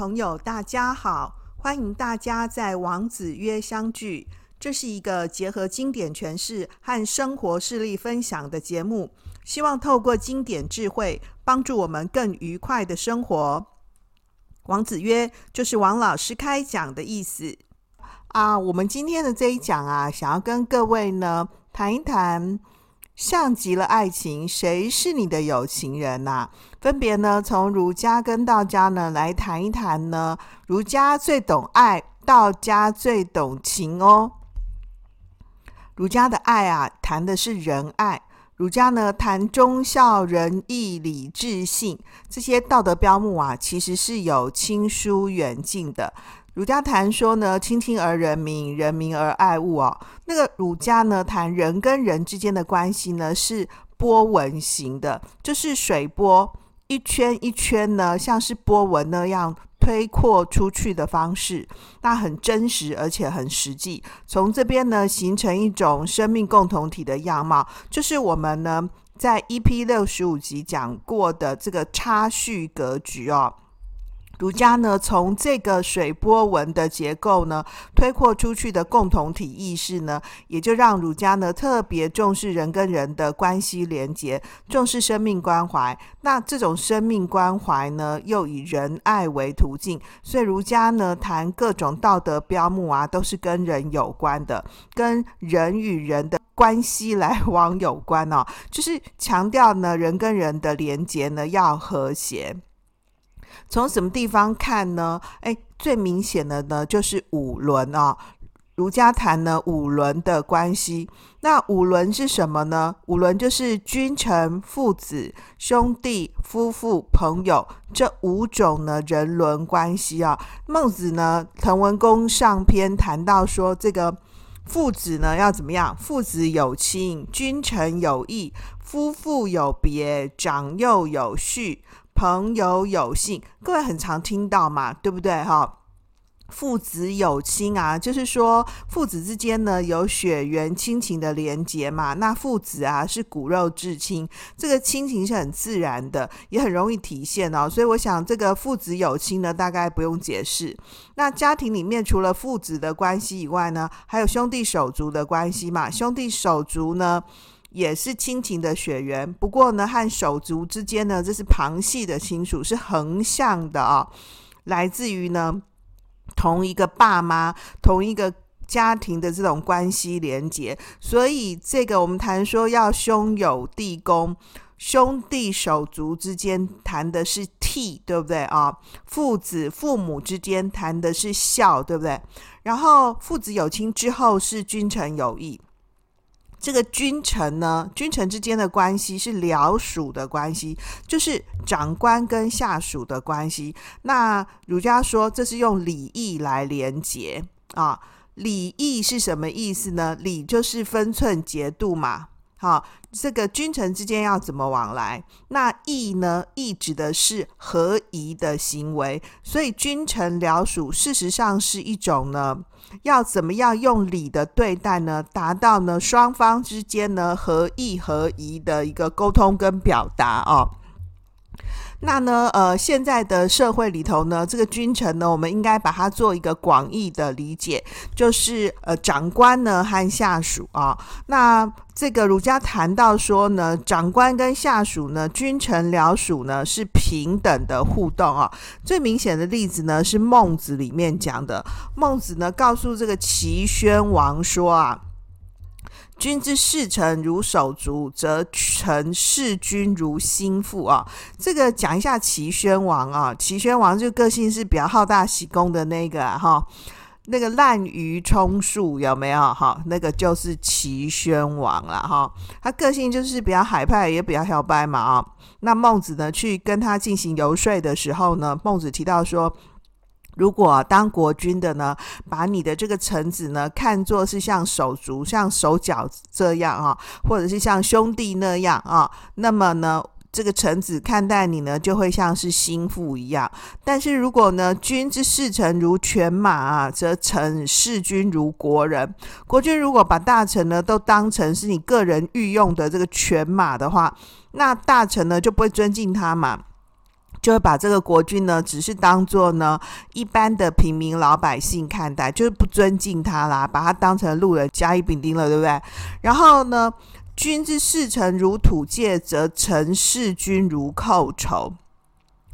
朋友，大家好！歡迎大家在王子曰相聚。這是一個結合經典詮釋和生活事例分享的節目，希望透過經典智慧，幫助我們更愉快的生活。王子曰就是王老師開講的意思啊。我們今天的這一講啊，想要跟各位呢談一談，像極了愛情，誰是你的有情人吶，啊？分別呢，從儒家跟道家呢來談一談呢，儒家最懂愛，道家最懂情哦。儒家的愛啊，談的是仁愛。儒家呢談忠孝仁義禮智信這些道德標目啊，其實是有親疏遠近的。儒家談說呢，親親而仁民，仁民而愛物哦。那個儒家呢談人跟人之間的關係呢是波紋型的，就是水波。一圈一圈呢，像是波紋那樣推擴出去的方式，那很真實而且很實際。從這邊呢，形成一種生命共同體的樣貌，就是我們呢在 EP 六十五集講過的這個差序格局哦。儒家呢，從這個水波紋的結構呢，推擴出去的共同體意識呢，也就讓儒家呢特別重視人跟人的關係連結，重視生命關懷。那這種生命關懷呢，又以仁愛為途徑，所以儒家呢談各種道德標目啊，都是跟人有關的，跟人與人的關係來往有關哦，就是強調呢人跟人的連結呢要和諧。從什麼地方看呢？哎，最明顯的呢，就是五倫啊、哦。儒家談呢五倫的關係。那五倫是什麼呢？五倫就是君臣、父子、兄弟、夫婦、朋友這五種呢人倫關係啊、哦。孟子呢，滕文公上篇談到說，這個父子呢要怎麼樣？父子有親，君臣有義，夫婦有別，長幼有序。朋友有信，各位很常聽到嘛，對不對哈？父子有親啊，就是說父子之間呢有血緣親情的連結嘛。那父子啊是骨肉至親，這個親情是很自然的，也很容易體現哦。所以我想這個父子有親呢，大概不用解釋。那家庭裡面除了父子的關係以外呢，還有兄弟手足的關係嘛。兄弟手足呢？也是親情的血緣，不過呢，和手足之間呢，這是旁系的親屬，是橫向的啊、哦，來自於呢同一個爸媽、同一個家庭的這種關係連結。所以這個我們談說要兄友弟恭，兄弟手足之間談的是悌，對不對啊、哦？父子父母之間談的是孝，對不對？然後父子有親之後是君臣有義。這個君臣呢，君臣之間的關係是僚屬的關係，就是長官跟下屬的關係。那儒家說，這是用禮義來連結啊。禮義是什麼意思呢？禮就是分寸節度嘛。好，啊，這個君臣之間要怎麼往來？那義呢？義指的是合宜的行為。所以君臣僚屬事實上是一種呢。要怎麼樣用禮的對待呢？達到呢，雙方之間呢，合意合宜的一個溝通跟表達哦。那呢，呃，現在的社會裡頭呢，這個君臣呢，我們應該把它做一個廣義的理解，就是呃，長官呢和下屬啊，那這個儒家談到說呢，長官跟下屬呢，君臣僚屬呢是平等的互動啊。最明顯的例子呢，是孟子裡面講的，孟子呢告訴這個齊宣王說啊。君之視臣如手足，則臣視君如心腹啊、哦！這個講一下齊宣王啊，齊宣王就個性是比較好大喜功的那個哈、啊哦，那個濫竽充數有沒有？哈、哦，那個就是齊宣王了哈、哦，他個性就是比較海派，也比較小白嘛啊、哦。那孟子呢，去跟他進行遊說的時候呢，孟子提到說。如果當國君的呢，把你的這個臣子呢看作是像手足、像手腳這樣啊，或者是像兄弟那樣啊，那麼呢，這個臣子看待你呢，就會像是心腹一樣。但是如果呢，君之視臣如犬馬啊，則臣視君如國人。國君如果把大臣呢都當成是你個人御用的這個犬馬的話，那大臣呢就不會尊敬他嘛。就會把這個國君呢，只是當做，呢一般的平民老百姓看待，就是不尊敬他啦，把他當成路人甲乙丙丁了，對不對？然後呢，君之視臣如土芥，則臣視君如寇仇。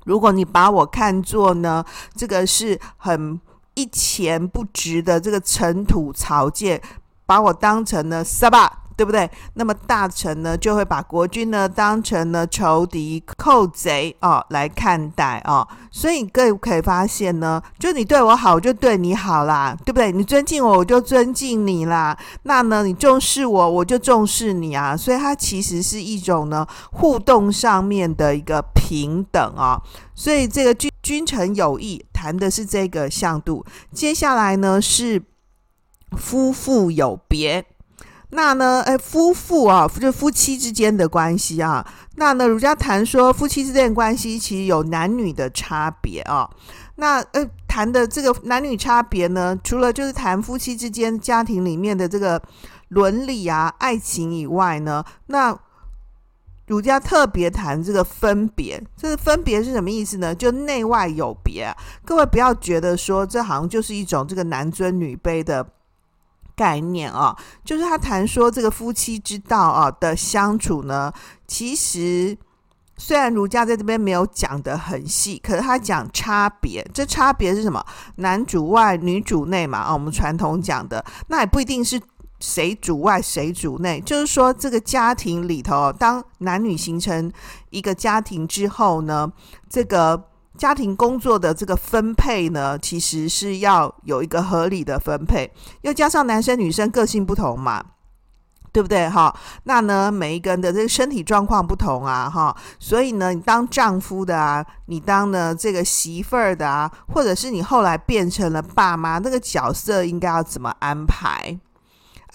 如果你把我看作呢，這個是很一錢不值的這個塵土草芥，把我當成呢沙巴。對不對？那麼大臣呢，就會把國君呢當成呢仇敵寇、寇賊哦來看待哦。所以各位可以發現呢，就你對我好，我就對你好啦，對不對？你尊敬我，我就尊敬你啦。那呢，你重視我，我就重視你啊。所以它其實是一種呢互動上面的一個平等啊、哦。所以這個君君臣有義談的是這個向度。接下來呢是夫婦有別。那呢？哎，夫婦啊，就是夫妻之間的關係啊。那呢，儒家談說夫妻之間的關係，其實有男女的差別啊。那呃，談的這個男女差別呢，除了就是談夫妻之間家庭裡面的這個倫理啊、愛情以外呢，那儒家特別談這個分別。這個分別是什麼意思呢？就內外有別啊。各位不要覺得說這好像就是一種這個男尊女卑的。概念啊，就是他談說這個夫妻之道啊的相處呢，其實雖然儒家在這邊沒有講得很細，可是他講差別，這差別是什麼？男主外，女主內嘛，啊，我們傳統講的，那也不一定是誰主外，誰主內，就是說這個家庭裡頭，當男女形成一個家庭之後呢，這個。家庭工作的這個分配呢，其實是要有一個合理的分配，又加上男生女生個性不同嘛，對不對哈？那呢，每一個人的這個身體狀況不同啊，哈，所以呢，你當丈夫的啊，你當呢這個媳婦兒的啊，或者是你後來變成了爸媽，那個角色應該要怎麼安排？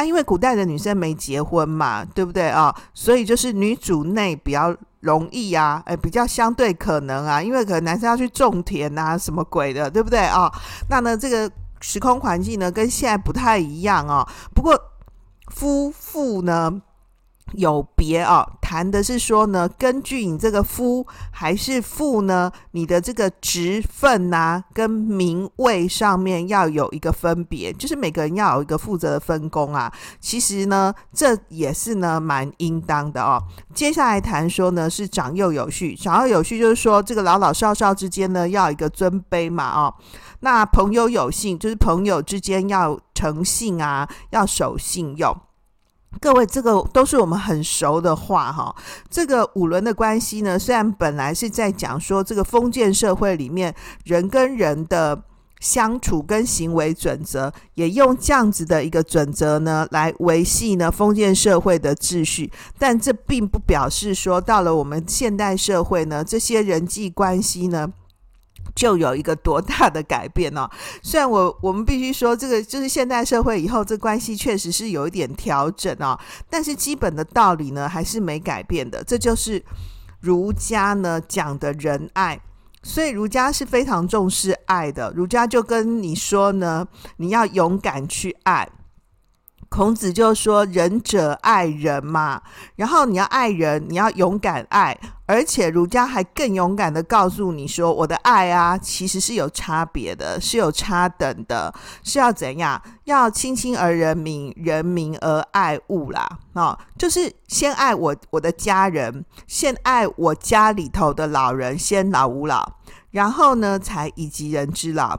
啊，因為古代的女生沒結婚嘛，對不對啊，哦？所以就是女主內比較容易啊，欸，比較相對可能啊，因為可能男生要去種田啊，什麼鬼的，對不對啊，哦？那呢，這個時空環境呢，跟現在不太一樣哦。不過夫婦呢？有別哦，談的是說呢，根據你這個夫還是婦呢，你的這個職份啊，跟名位上面要有一個分別，就是每個人要有一個負責的分工啊。其實呢，這也是呢蠻應當的哦。接下來談說呢是長幼有序，長幼有序就是說這個老老少少之間呢要有一個尊卑嘛哦。那朋友有信，就是朋友之間要誠信啊，要守信用。各位，這個都是我們很熟的話哈、哦。這個五倫的關係呢，雖然本來是在講說這個封建社會裡面人跟人的相處跟行為準則，也用這樣子的一個準則呢來維繫呢封建社會的秩序，但這並不表示說到了我們現代社會呢，這些人際關係呢。就有一個多大的改變呢、哦？雖然我我們必須說，這個就是現代社會以後，這關係確實是有一點調整哦，但是基本的道理呢，還是沒改變的。這就是儒家呢講的仁愛，所以儒家是非常重視愛的。儒家就跟你說呢，你要勇敢去愛。孔子就說：“仁者愛人嘛，然後你要愛人，你要勇敢愛，而且儒家還更勇敢的告訴你說，我的愛啊，其實是有差別的，是有差等的，是要怎樣？要親親而仁民，仁民而愛物啦，哦，就是先愛我我的家人，先愛我家裡頭的老人，先老吾老，然後呢，才以及人之老。”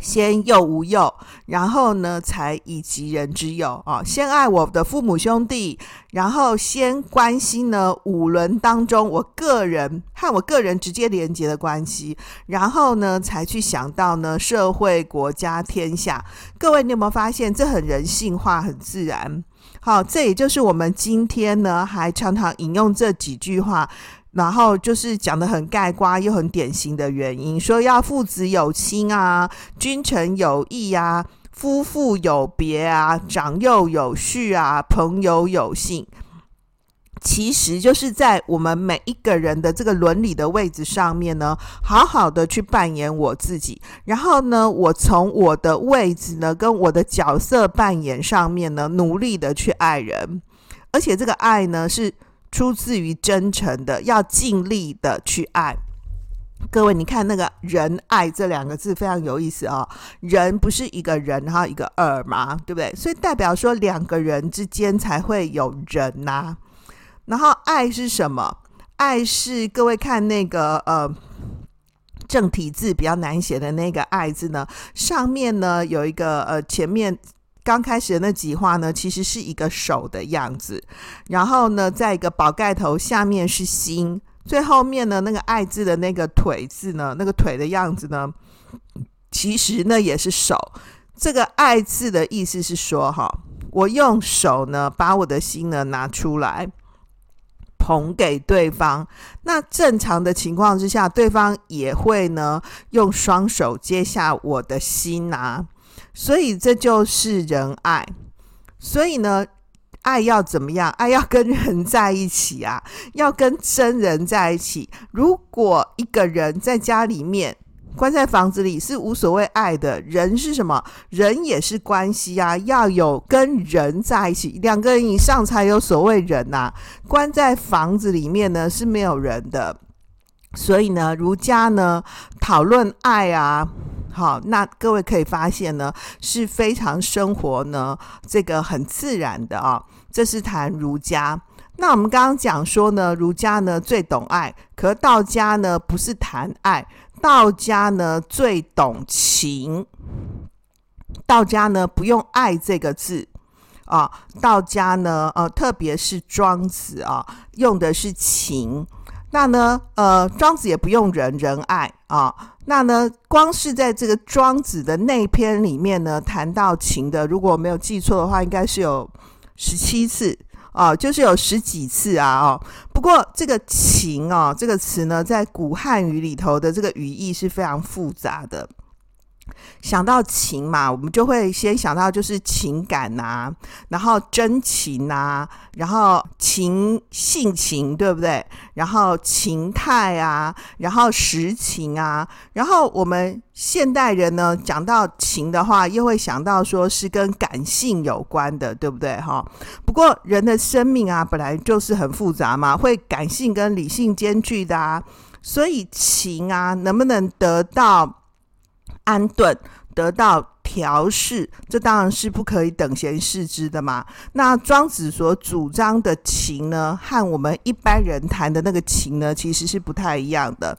先幼吾幼，然後呢，才以及人之幼哦，先愛我的父母兄弟，然後先關心呢五倫當中，我個人和我個人直接連接的關係，然後呢，才去想到呢社會、國家、天下。各位，你有沒有發現這很人性化、很自然？好，哦，這也就是我們今天呢，還常常引用這幾句話。然後就是講的很概括又很典型的原因，說要父子有親啊，君臣有義啊，夫婦有別啊，長幼有序啊，朋友有信。其實就是在我們每一個人的這個倫理的位置上面呢，好好的去扮演我自己。然後呢，我從我的位置呢，跟我的角色扮演上面呢，努力的去愛人，而且這個愛呢是。出自於真誠的，要盡力的去愛。各位，你看那個“仁愛”這兩個字非常有意思啊、哦，“仁”不是一個人，然後一個“二”嘛，對不對？所以代表說兩個人之間才會有人吶、啊。然後“愛”是什麼？愛是各位看那個呃正體字比較難寫的那個“愛”字呢，上面呢有一個呃前面。剛開始的那幾畫呢，其實是一個手的樣子，然後呢，在一個寶蓋頭下面是心，最後面呢，那個愛字的那個腿字呢，那個腿的樣子呢，其實呢也是手。這個愛字的意思是說，哈，我用手呢把我的心呢拿出來捧給對方。那正常的情況之下，對方也會呢用雙手接下我的心拿、啊。所以這就是仁愛，所以呢，愛要怎麼樣？愛要跟人在一起啊，要跟真人在一起。如果一個人在家裡面關在房子裡，是無所謂愛的。人是什麼？人也是關係啊，要有跟人在一起，兩個人以上才有所謂人吶、啊。關在房子裡面呢是沒有人的，所以呢，儒家呢討論愛啊。好，那各位可以發現呢，是非常生活呢，這個很自然的啊、哦。這是談儒家。那我們剛剛講說呢，儒家呢最懂愛，可道家呢不是談愛，道家呢最懂情。道家呢不用“愛”這個字啊、哦，道家呢呃，特別是莊子啊、哦，用的是“情”。那呢？呃，莊子也不用仁，仁愛啊、哦。那呢，光是在這個莊子的內篇裡面呢，談到情的，如果沒有記錯的話，應該是有十七次啊、哦，就是有十幾次啊。哦，不過這個情哦，這個詞呢，在古漢語裡頭的這個語義是非常複雜的。想到情嘛，我們就會先想到就是情感吶、啊，然後真情吶、啊，然後情性情對不對？然後情態啊，然後實情啊。然後我們現代人呢，講到情的話，又會想到說是跟感性有關的，對不對？哈。不過人的生命啊，本來就是很複雜嘛，會感性跟理性兼具的啊。所以情啊，能不能得到？安頓得到調適，這當然是不可以等閒視之的嘛。那莊子所主張的情呢，和我們一般人談的那個情呢，其實是不太一樣的。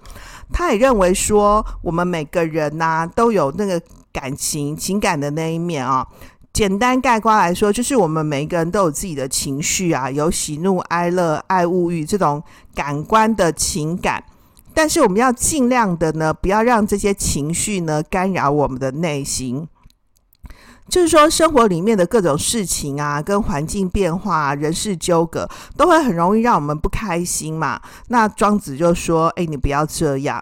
他也認為說，我們每個人吶、啊，都有那個感情、情感的那一面啊、哦。簡單概括來說，就是我們每一個人都有自己的情緒啊，有喜怒哀樂、愛惡欲這種感官的情感。但是我們要盡量的呢，不要讓這些情緒呢干擾我們的內心。就是說，生活裡面的各種事情啊，跟環境變化、啊、人事糾葛，都會很容易讓我們不開心嘛。那莊子就說：“哎、欸，你不要這樣，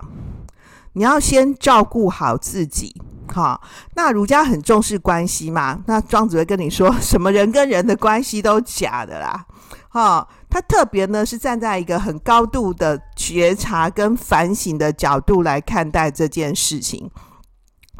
你要先照顧好自己。哦”哈，那儒家很重視關係嘛，那莊子會跟你說：“什麼人跟人的關係都假的啦。哦”哈。他特別呢，是站在一個很高度的覺察跟反省的角度來看待這件事情。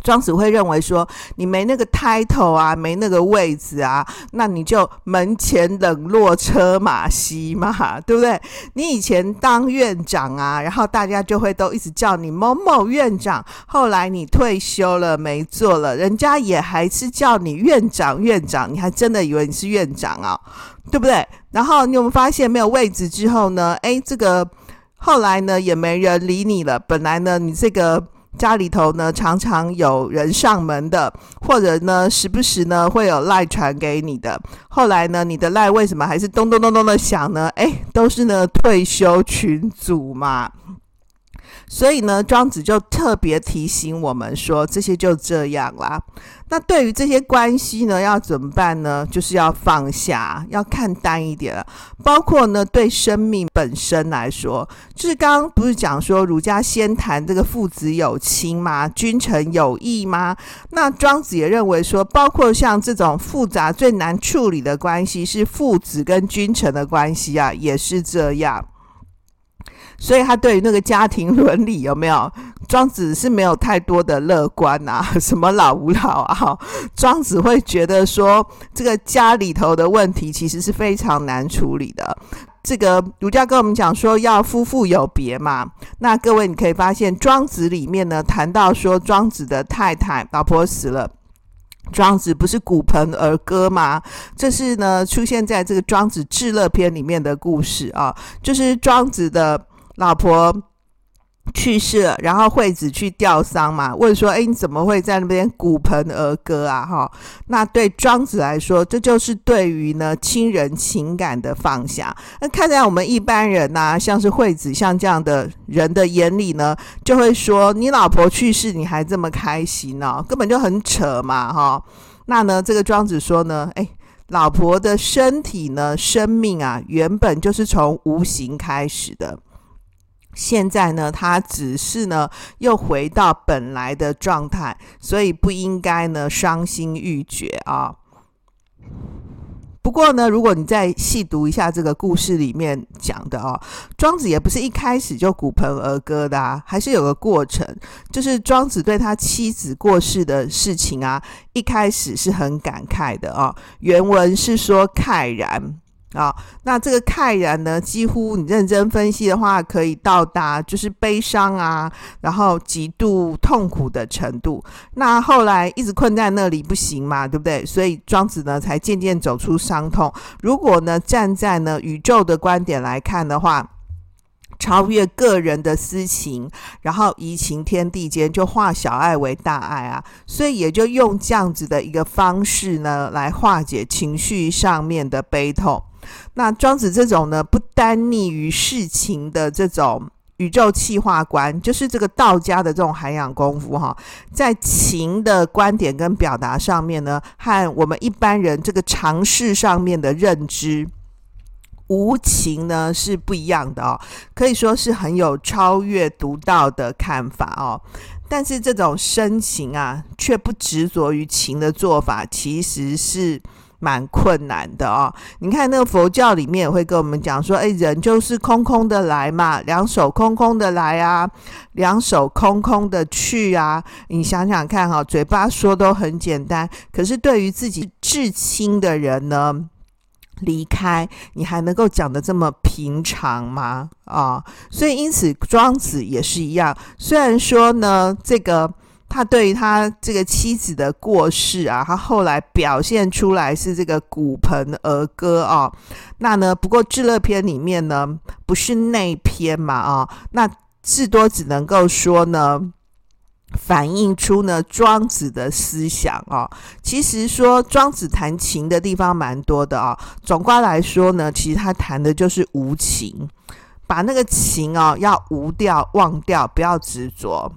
莊子會認為說，你沒那個 title 啊，沒那個位置啊，那你就門前冷落車馬稀嘛，對不對？你以前當院長啊，然後大家就會都一直叫你某某院長。後來你退休了，沒做了，人家也還是叫你院長院長，你還真的以為你是院長啊，哦，對不對？然後你有沒有發現沒有位置之後呢？誒，這個後來呢也沒人理你了。本來呢你這個。家裡頭呢，常常有人上門的，或者呢，時不時呢，會有賴傳給你的。後來呢，你的賴為什麼還是咚咚咚咚的響呢？誒、欸，都是呢，退休群組嘛。所以呢，莊子就特別提醒我們說，這些就這樣啦。那對於這些關係呢，要怎麼辦呢？就是要放下，要看淡一點了。包括呢，對生命本身來說，就是剛剛不是講說儒家先談這個父子有親嗎？君臣有義嗎？那莊子也認為說，包括像這種複雜最難處理的關係，是父子跟君臣的關係啊，也是這樣。所以他對於那個家庭倫理有沒有莊子是沒有太多的樂觀吶、啊？什麼老吾老啊？莊子會覺得說，這個家裡頭的問題其實是非常難處理的。這個儒家跟我們講說要夫婦有別嘛。那各位你可以發現，莊子裡面呢談到說，莊子的太太、老婆死了，莊子不是鼓盆而歌嗎？這是呢出現在這個莊子《至樂篇》裡面的故事啊，就是莊子的。老婆去世了，然後惠子去弔喪嘛，問說：“哎，你怎麼會在那邊鼓盆而歌啊？”哈、哦，那對莊子來說，這就是對於呢親人情感的放下。那、呃、看在我們一般人吶、啊，像是惠子像這樣的人的眼裡呢，就會說：“你老婆去世，你還這麼開心哦、啊？根本就很扯嘛！”哈、哦，那呢，這個莊子說呢：“哎，老婆的身體呢，生命啊，原本就是從無形開始的。”現在呢，他只是呢又回到本來的狀態，所以不應該呢傷心欲絕啊。不過呢，如果你再細讀一下這個故事裡面講的哦、啊，莊子也不是一開始就鼓盆而歌的啊，還是有個過程。就是莊子對他妻子過世的事情啊，一開始是很感慨的哦、啊，原文是說慨然。啊、哦，那這個慨然呢，幾乎你認真分析的話，可以到達就是悲傷啊，然後極度痛苦的程度。那後來一直困在那裡不行嘛，對不對？所以莊子呢，才漸漸走出傷痛。如果呢，站在呢宇宙的觀點來看的話，超越個人的私情，然後移情天地間，就化小愛為大愛啊，所以也就用這樣子的一個方式呢，來化解情緒上面的悲痛。那莊子這種呢，不單逆於世情的這種宇宙氣化觀，就是這個道家的這種涵養功夫哈、哦，在情的觀點跟表達上面呢，和我們一般人這個常識上面的認知無情呢是不一樣的哦，可以說是很有超越獨到的看法哦。但是這種深情啊，卻不執着於情的做法，其實是。蠻困難的哦，你看那個佛教裡面也會跟我們講說，哎，人就是空空的來嘛，兩手空空的來啊，兩手空空的去啊。你想想看哈，嘴巴說都很簡單，可是對於自己至親的人呢，離開你還能夠講得這麼平常嗎？啊，所以因此莊子也是一樣，雖然說呢這個。他對於他這個妻子的過世啊，他後來表現出來是這個《鼓盆而歌》啊。那呢，不過《至樂篇》裡面呢不是那篇嘛啊，、哦。那至多只能夠說呢，反映出呢莊子的思想啊、哦。其實說莊子談情的地方蠻多的啊、哦。總括來說呢，其實他談的就是無情，把那個情啊、哦、要無掉、忘掉，不要執着。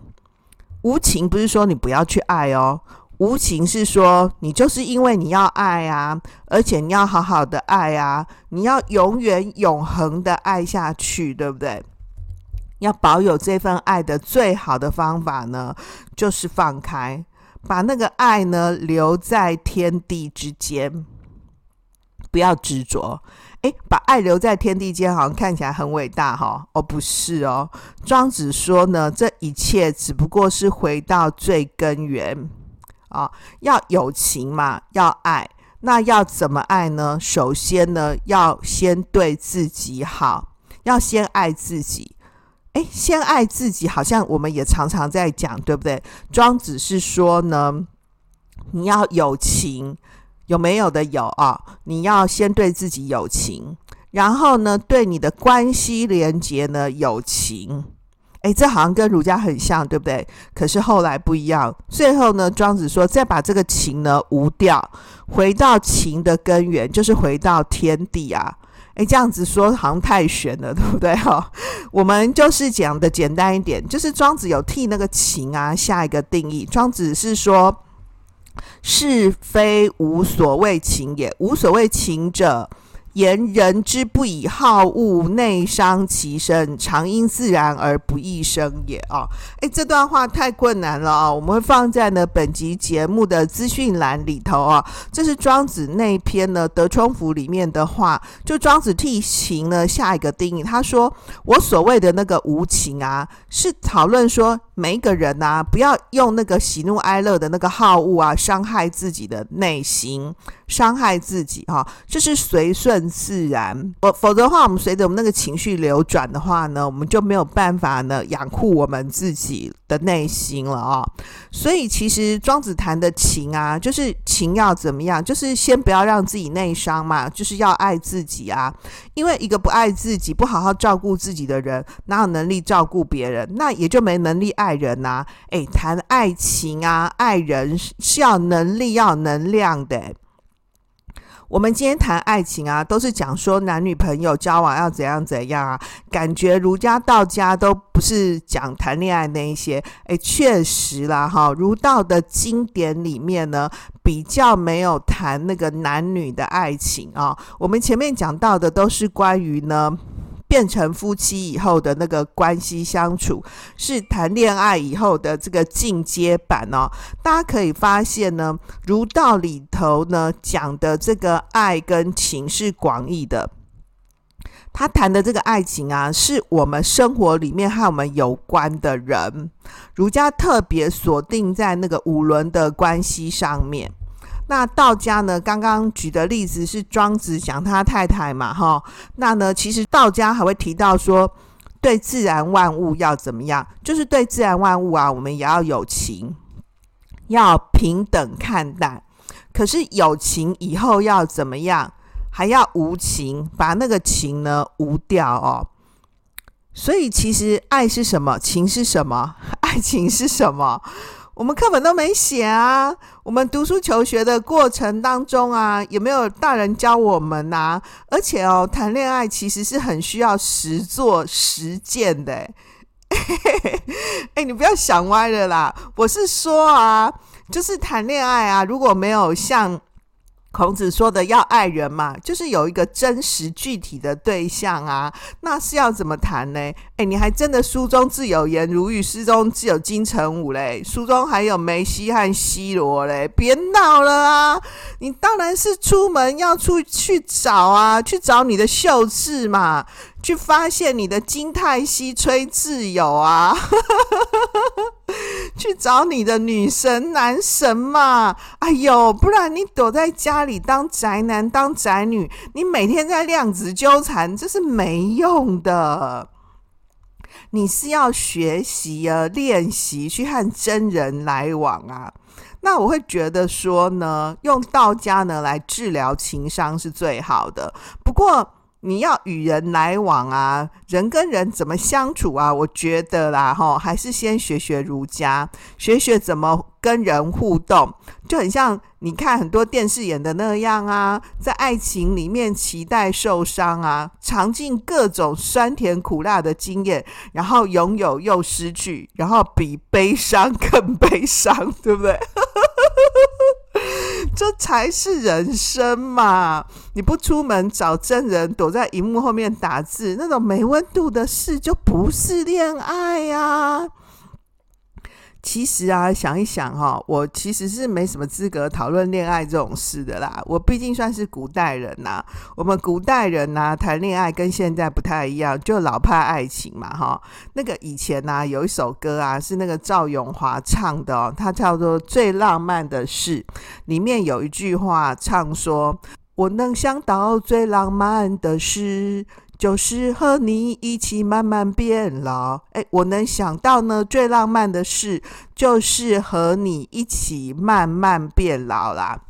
無情不是說你不要去愛哦，無情是說你就是因為你要愛啊，而且你要好好的愛啊，你要永遠永恆的愛下去，對不對？要保有這份愛的最好的方法呢，就是放開，把那個愛呢留在天地之間，不要執着。誒、欸，把愛留在天地間，好像看起來很偉大哦哦，不是哦，莊子說呢，這一切只不過是回到最根源啊、哦。要有情嘛，要愛，那要怎麼愛呢？首先呢，要先對自己好，要先愛自己。哎、欸，先愛自己，好像我們也常常在講，對不對？莊子是說呢，你要有情。有沒有的有啊、哦？你要先對自己有情，然後呢，對你的關係連結呢有情。誒，這好像跟儒家很像，對不對？可是後來不一樣。最後呢，莊子說，再把這個情呢無掉，回到情的根源，就是回到天地啊。誒，這樣子說好像太玄了，對不對哈、哦？我們就是講的簡單一點，就是莊子有替那個情啊下一個定義。莊子是說。是非吾所謂情也，吾所謂無情者，言人之不以好惡內傷其身，常因自然而不益生也。啊、哦，誒、欸，這段話太困難了啊、哦！我們會放在呢本集節目的資訊欄裡頭啊、哦。這是莊子那篇呢《德充符》裡面的話。就莊子替情呢下一個定義，他說：我所謂的那個無情啊，是討論說。每一個人吶、啊，不要用那個喜怒哀樂的那個好惡啊，傷害自己的內心，傷害自己哈、哦，這是隨順自然，否否則的話，我們隨着我們那個情緒流轉的話呢，我們就沒有辦法呢養護我們自己的內心了哦。所以其實莊子談的情啊，就是情要怎麼樣，就是先不要讓自己內傷嘛，就是要愛自己啊！因為一個不愛自己、不好好照顧自己的人，哪有能力照顧別人？那也就沒能力愛。愛人吶，誒，談愛情啊，愛人是要能力要能量的。我們今天談愛情啊，都是講說男女朋友交往要怎樣怎樣啊，感覺儒家道家都不是講談戀愛那一些。哎，確實啦，哈，儒道的經典裡面呢，比較沒有談那個男女的愛情啊。我們前面講到的都是關於呢。變成夫妻以後的那個關係相處，是談戀愛以後的這個進階版哦。大家可以發現呢，儒道裡頭呢，講的這個愛跟情是廣義的，他談的這個愛情啊，是我們生活裡面和我們有關的人。儒家特別鎖定在那個五倫的關係上面。那道家呢？剛剛舉的例子是莊子講他太太嘛，哈、哦。那呢，其實道家還會提到說，對自然萬物要怎麼樣？就是對自然萬物啊，我們也要有情，要平等看待。可是有情以後要怎麼樣？還要無情，把那個情呢無掉哦。所以其實愛是什麼？情是什麼？愛情是什麼？我們課本都沒寫啊！我們讀書求學的過程當中啊，也沒有大人教我們吶、啊？而且哦，談戀愛其實是很需要實作實踐的。誒、哎哎、你不要想歪了啦！我是說啊，就是談戀愛啊，如果沒有像。孔子說的要愛人嘛，就是有一個真實具體的對象啊，那是要怎麼談呢？哎，你還真的書中自有顏如玉，詩中自有金城武嘞，書中還有梅西和 C 羅嘞，別鬧了啊！你當然是出門要出去找啊，去找你的秀智嘛。去發現你的金泰熙、崔智友啊， 去找你的女神、男神嘛！哎呦，不然你躲在家裡當宅男、當宅女，你每天在量子糾纏，這是沒用的。你是要學習啊、練習去和真人來往啊。那我會覺得說呢，用道家呢來治療情傷是最好的。不過。你要與人來往啊，人跟人怎麼相處啊？我覺得啦，哈，還是先學學儒家，學學怎麼跟人互動，就很像你看很多電視演的那樣啊，在愛情裡面期待受傷啊，嚐盡各種酸甜苦辣的經驗，然後擁有又失去，然後比悲傷更悲傷，對不對？ 這才是人生嘛！你不出門找真人，躲在熒幕後面打字，那種沒溫度的事就不是戀愛呀、啊。其實啊，想一想哈、哦，我其實是沒什麼資格討論戀愛這種事的啦。我畢竟算是古代人吶、啊，我們古代人吶、啊、談戀愛跟現在不太一樣，就老派愛情嘛哈、哦。那個以前啊，有一首歌啊是那個趙詠華唱的哦，它叫做《最浪漫的事》，裡面有一句話唱說：“我能想到最浪漫的事。”就是和你一起慢慢變老，哎，我能想到呢，最浪漫的事就是和你一起慢慢變老啦。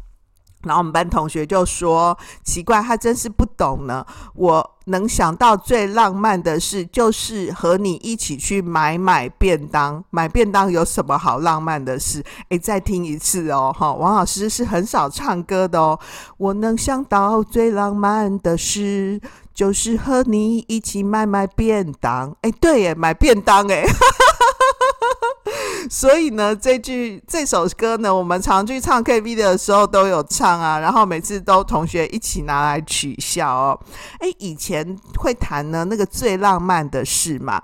然後我們班同學就說：“奇怪，他真是不懂呢。我能想到最浪漫的事，就是和你一起去買買便當。買便當有什麼好浪漫的事？哎，再聽一次哦，哈！王老師是很少唱歌的哦。我能想到最浪漫的事，就是和你一起買買便當。哎，對耶，買便當耶 所以呢，這句這首歌呢，我們常去唱 KTV 的時候都有唱啊，然後每次都同學一起拿來取笑哦。哎，以前會談呢那個最浪漫的事嘛。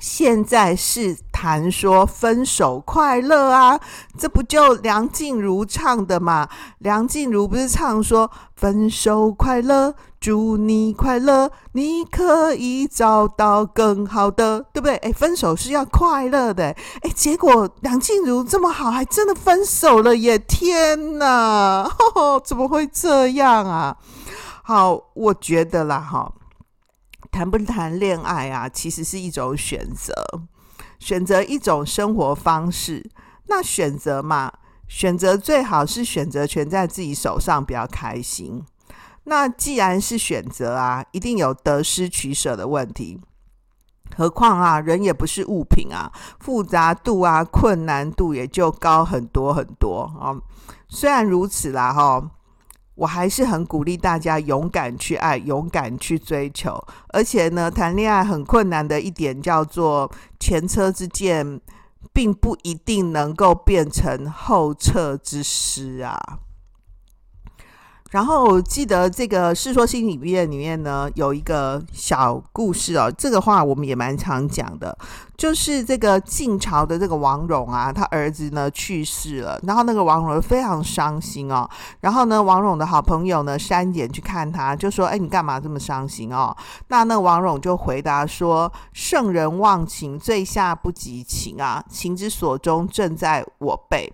現在是談說分手快樂啊，這不就梁靜茹唱的嗎？梁靜茹不是唱說分手快樂，祝你快樂，你可以找到更好的，對不對？誒，分手是要快樂的誒，誒，結果梁靜茹這麼好，還真的分手了耶！天哪，呵呵，怎麼會這樣啊？好，我覺得啦，哈。談不談戀愛啊，其實是一種選擇，選擇一種生活方式。那選擇嘛，選擇最好是選擇權在自己手上，比較開心。那既然是選擇啊，一定有得失取舍的問題。何況啊，人也不是物品啊，複雜度啊，困難度也就高很多很多啊，哦。雖然如此啦，哦，哈。我還是很鼓勵大家勇敢去愛，勇敢去追求。而且呢，談戀愛很困難的一點叫做前車之鑑，並不一定能夠變成後車之師啊。然後我記得這個《世說新語》裡面呢，有一個小故事哦。這個話我們也蠻常講的，就是這個晉朝的這個王戎啊，他兒子呢去世了，然後那個王戎非常傷心哦。然後呢，王戎的好朋友呢山簡去看他，就說：“哎，你幹嘛這麼傷心哦？”那那個王戎就回答說：“聖人忘情，最下不及情啊，情之所鍾正在我輩。”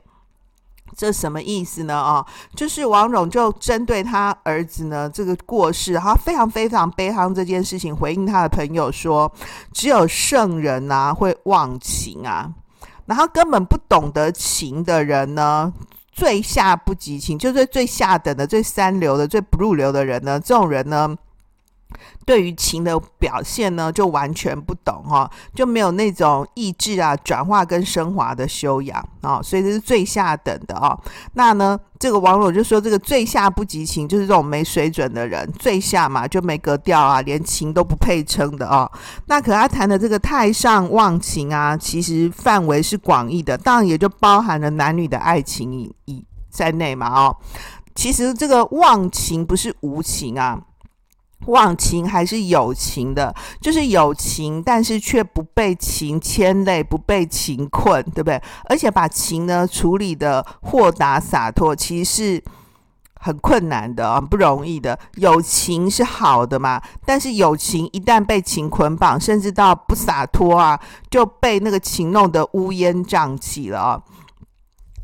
這什麼意思呢？哦，就是王戎就針對他兒子呢這個過世，他非常非常悲傷這件事情，回應他的朋友說，只有聖人啊會忘情啊，然後根本不懂得情的人呢，最下不及情，就是最，最下等的、最三流的、最不入流的人呢，這種人呢。對於情的表現呢，就完全不懂哈、哦，就沒有那種意志啊、轉化跟升華的修養啊、哦，所以這是最下等的啊、哦。那呢，這個王戎就說，這個“最下不及情”，就是這種沒水準的人，最下嘛，就沒格調啊，連情都不配稱的哦。那可他談的這個“太上忘情”啊，其實範圍是廣義的，當然也就包含了男女的愛情意義在內嘛哦。其實這個“忘情”不是無情啊。忘情還是有情的，就是有情，但是卻不被情牽累，不被情困，對不對？而且把情呢處理得豁達灑脫，其實是很困難的，很不容易的。有情是好的嘛，但是有情一旦被情捆綁，甚至到不灑脫啊，就被那個情弄得烏煙瘴氣了啊、哦。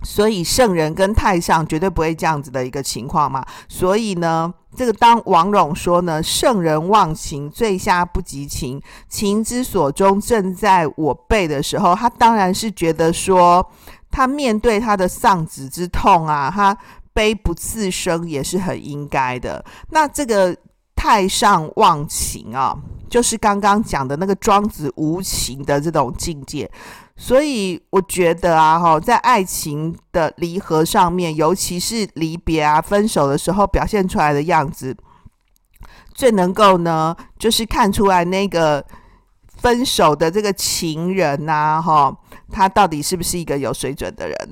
所以聖人跟太上絕對不會這樣子的一個情況嘛，所以呢。這個當王戎說呢，聖人忘情，最下不及情，情之所鍾，正在我輩的時候，他當然是覺得說，他面對他的喪子之痛啊，他悲不自勝也是很應該的。那這個太上忘情啊。就是剛剛講的那個莊子無情的這種境界，所以我覺得啊，哈，在愛情的離合上面，尤其是離別啊、分手的時候表現出來的樣子，最能夠呢，就是看出來那個分手的這個情人吶、啊，哈，他到底是不是一個有水準的人？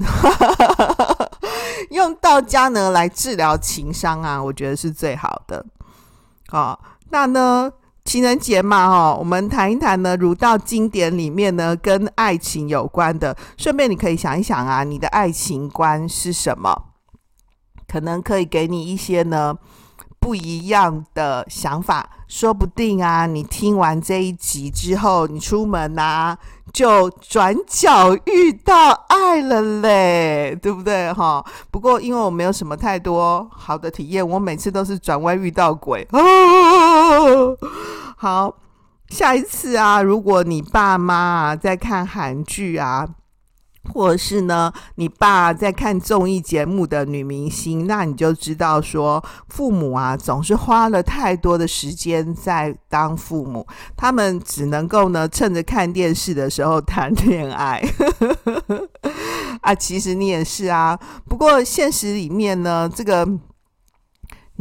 用道家呢來治療情傷啊，我覺得是最好的。好、哦，那呢？情人節嘛、哦，哈，我們談一談呢，儒道經典裡面呢，跟愛情有關的。順便你可以想一想啊，你的愛情觀是什麼？可能可以給你一些呢不一樣的想法。說不定啊，你聽完這一集之後，你出門吶、啊。就轉角遇到愛了嘞，對不對哈、哦？不過因為我沒有什麼太多好的體驗，我每次都是轉彎遇到鬼、啊。好，下一次啊，如果你爸媽啊在看韓劇啊。或是呢，你爸在看綜藝節目的女明星，那你就知道說，父母啊總是花了太多的時間在當父母，他們只能夠呢趁着看電視的時候談戀愛。 啊，其實你也是啊，不過現實裡面呢，這個。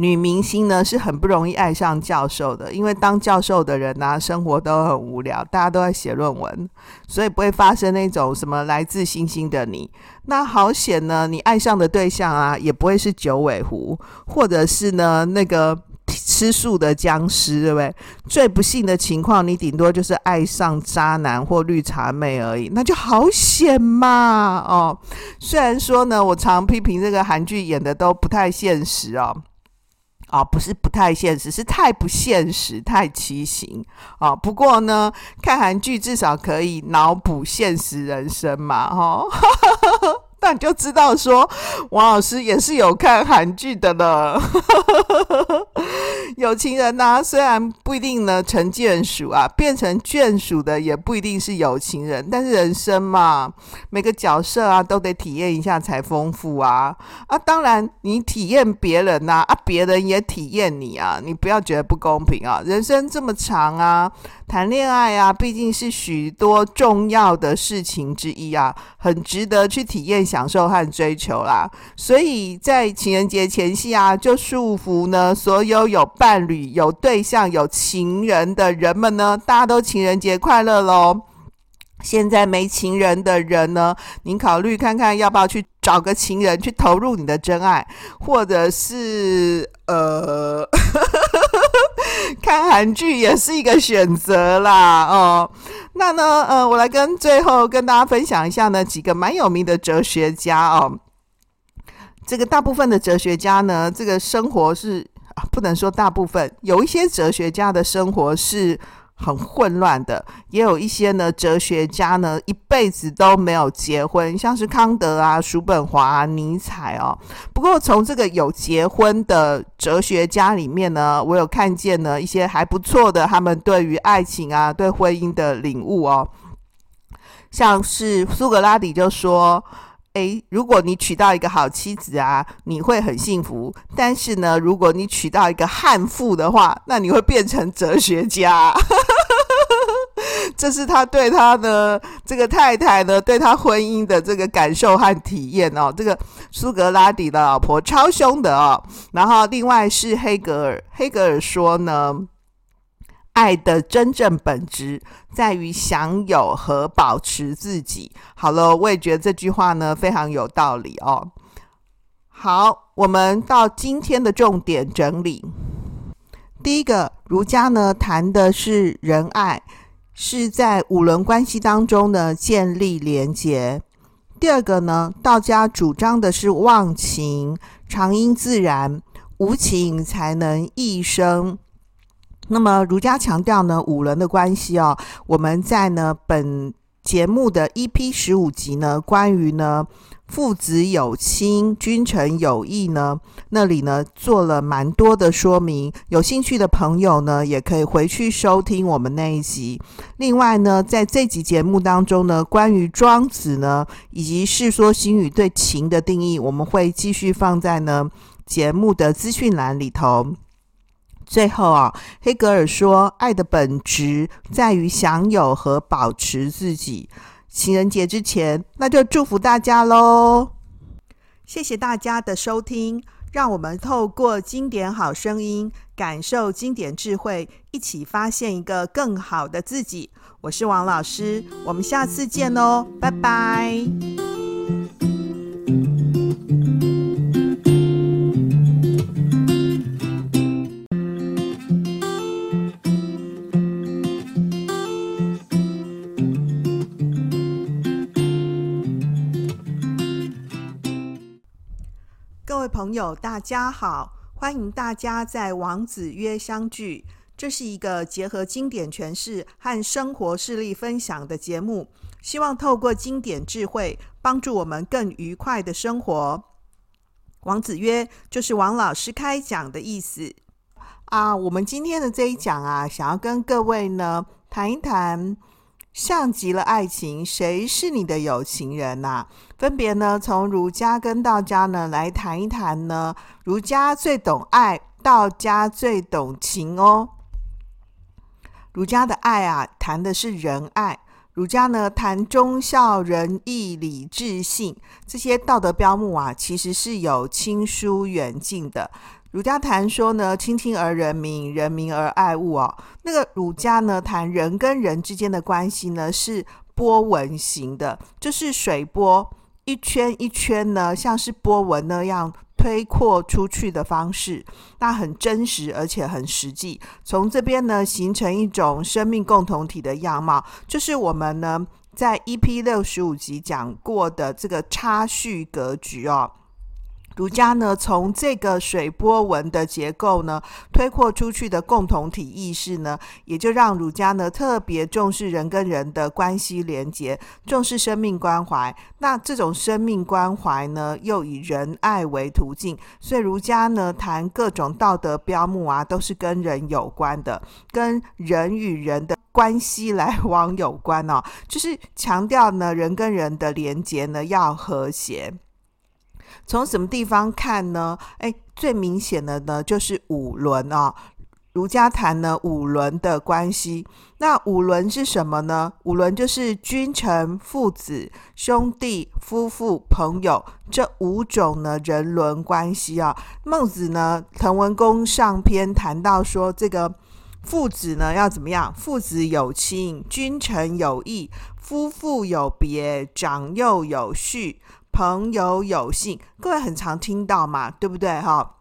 女明星呢是很不容易愛上教授的，因為當教授的人呢，生活都很無聊，大家都在寫論文，所以不會發生那種什麼來自星星的你。那好險呢，你愛上的對象啊，也不會是九尾狐，或者是呢那個吃素的僵屍，對不對？最不幸的情況，你頂多就是愛上渣男或綠茶妹而已，那就好險嘛哦。雖然說呢，我常批評這個韓劇演的都不太現實哦。啊，不是不太現實，是太不現實，太畸形啊！不過呢，看韓劇至少可以腦補現實人生嘛，哈、哦，但 就知道說，王老師也是有看韓劇的了。 有情人吶、啊，雖然不一定呢成眷屬啊，變成眷屬的也不一定是有情人，但是人生嘛，每個角色啊都得體驗一下才豐富啊啊！當然你體驗別人吶、啊，啊別人也體驗你啊，你不要覺得不公平啊！人生這麼長啊，談戀愛啊，畢竟是許多重要的事情之一啊，很值得去體驗、享受和追求啦。所以在情人節前夕啊，就祝福呢所有有。伴侶、有對象、有情人的人們呢，大家都情人節快樂嘍！現在沒情人的人呢，您考慮看看要不要去找個情人，去投入你的真愛，或者是呃呵呵呵，看韓劇也是一個選擇啦。哦，那呢，呃，我來跟最後跟大家分享一下呢，幾個蠻有名的哲學家哦。這個大部分的哲學家呢，這個生活是。不能說大部分，有一些哲學家的生活是很混亂的，也有一些呢，哲學家呢一輩子都沒有結婚，像是康德啊、叔本華啊、尼采哦。不過從這個有結婚的哲學家裡面呢，我有看見呢一些還不錯的，他們對於愛情啊、對婚姻的領悟哦，像是蘇格拉底就說。如果你娶到一個好妻子啊，你會很幸福。但是呢，如果你娶到一個悍婦的話，那你會變成哲學家。 這是他對他的這個太太呢，對他婚姻的這個感受和體驗哦。這個蘇格拉底的老婆超凶的哦。然後另外是黑格爾，黑格爾說呢。愛的真正本質在於享有和保持自己。好了，我也覺得這句話呢非常有道理哦。好，我們到今天的重點整理。第一個，儒家呢談的是仁愛，是在五倫關係當中呢建立連結。第二個呢，道家主張的是忘情，常因自然，無情才能益生。那麼儒家強調呢五倫的關係哦。我們在呢本節目的 EP 十五集呢，關於呢父子有親、君臣有義呢，那裡呢做了蠻多的說明。有興趣的朋友呢，也可以回去收聽我們那一集。另外呢，在這集節目當中呢，關於莊子呢以及《世說新語》對情的定義，我們會繼續放在呢節目的資訊欄裡頭。最後啊，黑格爾說，愛的本質在於享有和保持自己。情人節之前，那就祝福大家嘍！謝謝大家的收聽，讓我們透過經典好聲音，感受經典智慧，一起發現一個更好的自己。我是王老師，我們下次見哦，拜拜。朋友，大家好！歡迎大家在王子曰相聚。這是一個結合經典詮釋和生活事例分享的節目，希望透過經典智慧，幫助我們更愉快的生活。王子曰就是王老師開講的意思啊。我們今天的這一講啊，想要跟各位呢談一談。像極了愛情，誰是你的有情人吶、啊？分別呢，從儒家跟道家呢來談一談呢。儒家最懂愛，道家最懂情哦。儒家的愛啊，談的是仁愛。儒家呢，談忠孝仁義禮智信這些道德標目啊，其實是有親疏遠近的。儒家談說呢，親親而仁民，仁民而愛物哦，那個儒家呢，談人跟人之間的關係呢，是波紋型的，就是水波一圈一圈呢，像是波紋那樣推擴出去的方式。那很真實，而且很實際。從這邊呢，形成一種生命共同體的樣貌，就是我們呢在 EP 六十五集講過的這個差序格局哦。儒家呢，從這個水波紋的結構呢，推擴出去的共同體意識呢，也就讓儒家呢特別重視人跟人的關係連結，重視生命關懷。那這種生命關懷呢，又以仁愛為途徑，所以儒家呢談各種道德標目啊，都是跟人有關的，跟人與人的關係來往有關哦，就是強調呢人跟人的連結呢要和諧。從什麼地方看呢？哎，最明顯的呢就是五倫啊、哦。儒家談呢五倫的關係，那五倫是什麼呢？五倫就是君臣、父子、兄弟、夫婦、朋友這五種呢人倫關係啊、哦。孟子呢，滕文公上篇談到說，這個父子呢要怎麼樣？父子有親，君臣有義，夫婦有別，長幼有序。朋友有信，各位很常聽到嘛，對不對哈？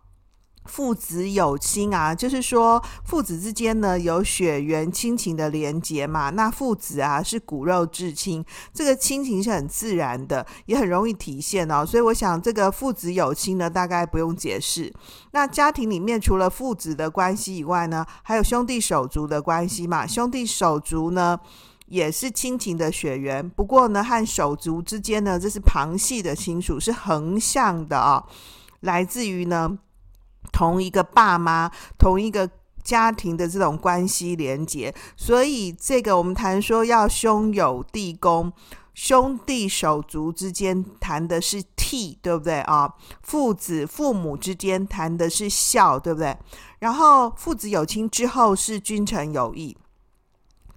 父子有親啊，就是說父子之間呢有血緣親情的連結嘛。那父子啊是骨肉至親，這個親情是很自然的，也很容易體現哦。所以我想這個父子有親呢，大概不用解釋。那家庭裡面除了父子的關係以外呢，還有兄弟手足的關係嘛。兄弟手足呢？也是親情的血緣，不過呢，和手足之間呢，這是旁系的親屬，是橫向的啊、哦，來自於呢同一個爸媽、同一個家庭的這種關係連結。所以，這個我們談說要兄友弟恭，兄弟手足之間談的是悌，對不對啊、哦？父子父母之間談的是孝，對不對？然後，父子有親之後是君臣有義。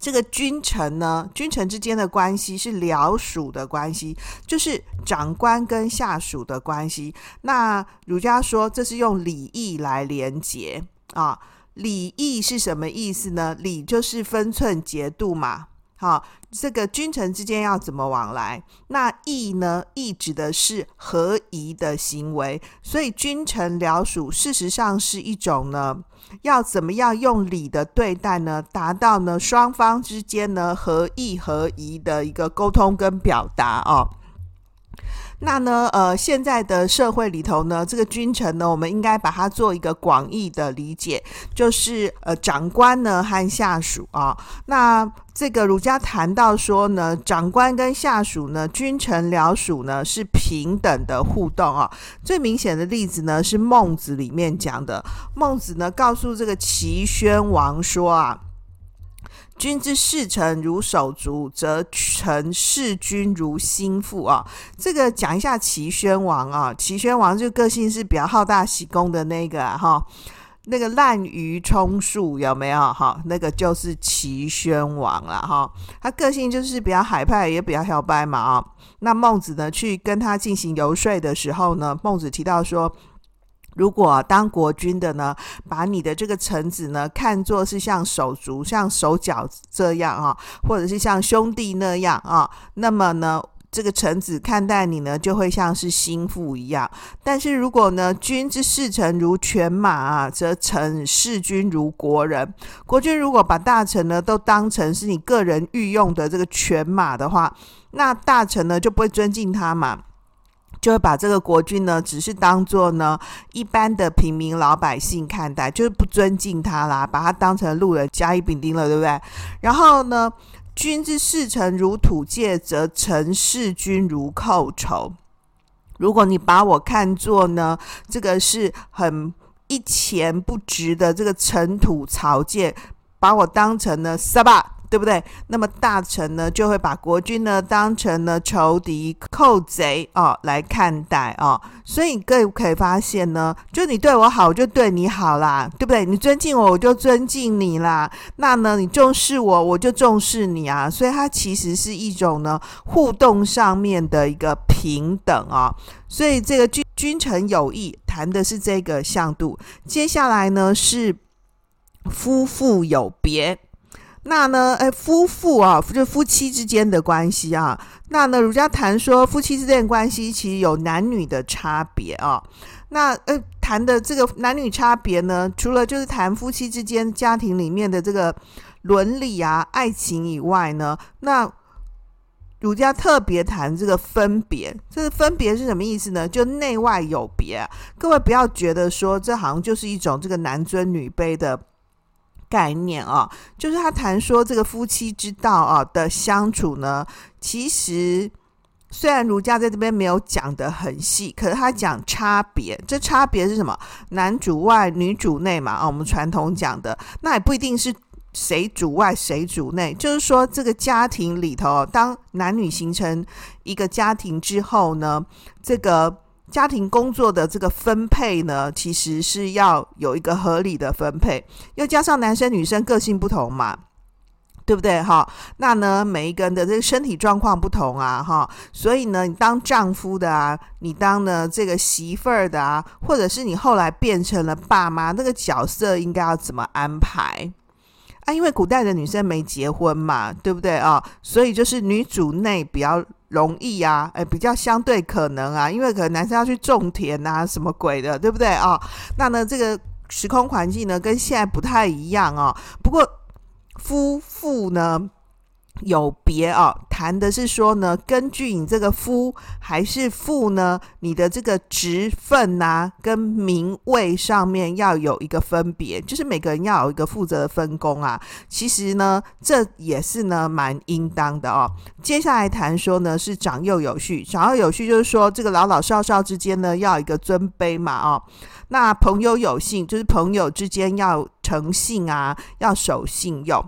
這個君臣呢，君臣之間的關係是僚屬的關係，就是長官跟下屬的關係。那儒家說，這是用禮義來連結啊。禮義是什麼意思呢？禮就是分寸節度嘛。好，這個君臣之間要怎麼往來？那義呢？義指的是合宜的行為，所以君臣僚屬事實上是一種呢，要怎麼樣用禮的對待呢？達到呢雙方之間呢合宜合宜的一個溝通跟表達啊、哦。那呢，呃，現在的社會裡頭呢，這個君臣呢，我們應該把它做一個廣義的理解，就是呃，長官呢和下屬啊，那這個儒家談到說呢，長官跟下屬呢，君臣僚屬呢是平等的互動啊。最明顯的例子呢，是孟子裡面講的，孟子呢告訴這個齊宣王說啊。君之視臣如手足，則臣視君如心腹啊、哦。這個講一下齊宣王啊，齊宣王就個性是比較好大喜功的那個哈、啊哦，那個濫竽充數有沒有哈、哦？那個就是齊宣王了哈、哦。他個性就是比較海派，也比較小白嘛啊、哦。那孟子呢，去跟他進行遊說的時候呢，孟子提到說。如果當國君的呢，把你的這個臣子呢看作是像手足、像手腳這樣啊，或者是像兄弟那樣啊，那麼呢，這個臣子看待你呢，就會像是心腹一樣。但是如果呢，君之視臣如犬馬啊，則臣視君如國人。國君如果把大臣呢都當成是你個人御用的這個犬馬的話，那大臣呢就不會尊敬他嘛。就會把這個國君呢，只是當做呢一般的平民老百姓看待，就是不尊敬他啦，把他當成路人甲乙丙丁了，對不對？然後呢，君之視臣如土芥，則臣視君如寇仇。如果你把我看作呢，這個是很一錢不值的這個塵土草芥，把我當成呢沙巴。對不對？那麼大臣呢，就會把國君呢當成呢仇敵、寇賊哦來看待哦。所以各位可以發現呢，就你對我好，我就對你好啦，對不對？你尊敬我，我就尊敬你啦。那呢，你重視我，我就重視你啊。所以它其實是一種呢互動上面的一個平等哦。所以這個君君臣有義談的是這個向度。接下來呢是夫婦有別。那呢，哎，夫婦啊，就是夫妻之間的關係啊。那呢，儒家談說夫妻之間的關係，其實有男女的差別啊。那呃，談的這個男女差別呢，除了就是談夫妻之間家庭裡面的這個倫理啊、愛情以外呢，那儒家特別談這個分別。這個分別是什麼意思呢？就內外有別啊。各位不要覺得說這好像就是一種這個男尊女卑的。概念啊，就是他談說這個夫妻之道啊的相處呢，其實雖然儒家在這邊沒有講得很細，可是他講差別，這差別是什麼？男主外，女主內嘛，啊，我們傳統講的，那也不一定是誰主外，誰主內，就是說這個家庭裡頭，當男女形成一個家庭之後呢，這個。家庭工作的這個分配呢，其實是要有一個合理的分配，又加上男生女生個性不同嘛，對不對？哈，那呢，每一個人的這個身體狀況不同啊，哈，所以呢，你當丈夫的啊，你當呢這個媳婦兒的啊，或者是你後來變成了爸媽，那個角色應該要怎麼安排？啊，因為古代的女生沒結婚嘛，對不對啊？哦，所以就是女主內比較容易啊，欸，比較相對可能啊，因為可能男生要去種田啊，什麼鬼的，對不對啊？哦，那呢，這個時空環境呢，跟現在不太一樣哦。不過夫婦呢，有別哦，談的是說呢，根據你這個夫還是婦呢，你的這個職份啊，跟名位上面要有一個分別，就是每個人要有一個負責的分工啊。其實呢，這也是呢蠻應當的哦。接下來談說呢是長幼有序，長幼有序就是說這個老老少少之間呢要有一個尊卑嘛哦。那朋友有信，就是朋友之間要誠信啊，要守信用。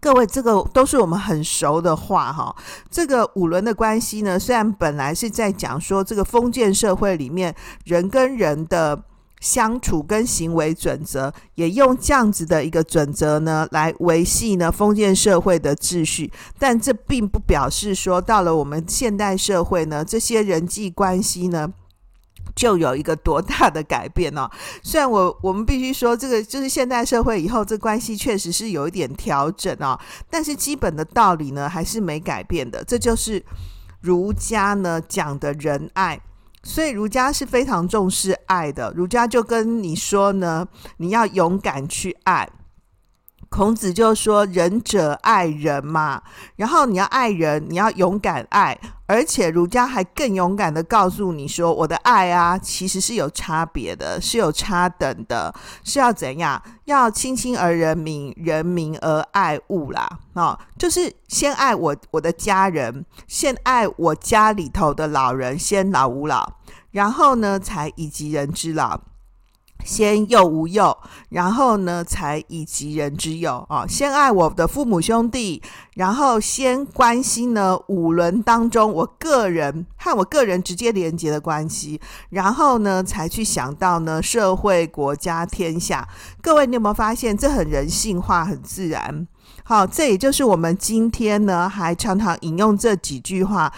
各位，這個都是我們很熟的話哈、哦。這個五倫的關係呢，雖然本來是在講說這個封建社會裡面人跟人的相處跟行為準則，也用這樣子的一個準則呢來維繫呢封建社會的秩序，但這並不表示說到了我們現代社會呢，這些人際關係呢。就有一個多大的改變呢、哦？雖然我我們必須說，這個就是現代社會以後，這關係確實是有一點調整哦。但是基本的道理呢，還是沒改變的。這就是儒家呢講的仁愛，所以儒家是非常重視愛的。儒家就跟你說呢，你要勇敢去愛。孔子就說：“仁者愛人嘛，然後你要愛人，你要勇敢愛，而且儒家還更勇敢地告訴你說，我的愛啊，其實是有差別的，是有差等的，是要怎樣？要親親而仁民，仁民而愛物啦，哦，就是先愛我我的家人，先愛我家裡頭的老人，先老吾老，然後呢，才以及人之老。”先幼吾幼，然後呢，才以及人之幼哦，先愛我的父母兄弟，然後先關心呢五倫當中，我個人和我個人直接連接的關係，然後呢，才去想到呢社會、國家、天下。各位，你有沒有發現這很人性化、很自然？好，哦，這也就是我們今天呢，還常常引用這幾句話。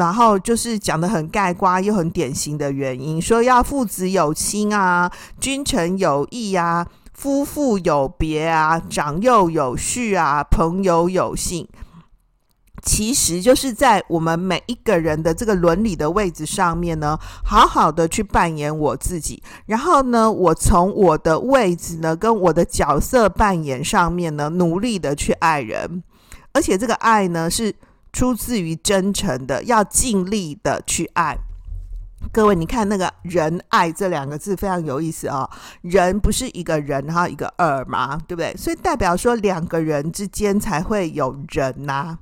然後就是講的很概括又很典型的原因，說要父子有親啊，君臣有義啊，夫婦有別啊，長幼有序啊，朋友有信。其實就是在我們每一個人的這個倫理的位置上面呢，好好的去扮演我自己。然後呢，我從我的位置呢，跟我的角色扮演上面呢，努力的去愛人，而且這個愛呢是。出自於真誠的，要盡力的去愛。各位，你看那個“仁愛”這兩個字非常有意思啊、哦，“仁”不是一個人，然後一個“二”嘛，對不對？所以代表說兩個人之間才會有仁吶、啊。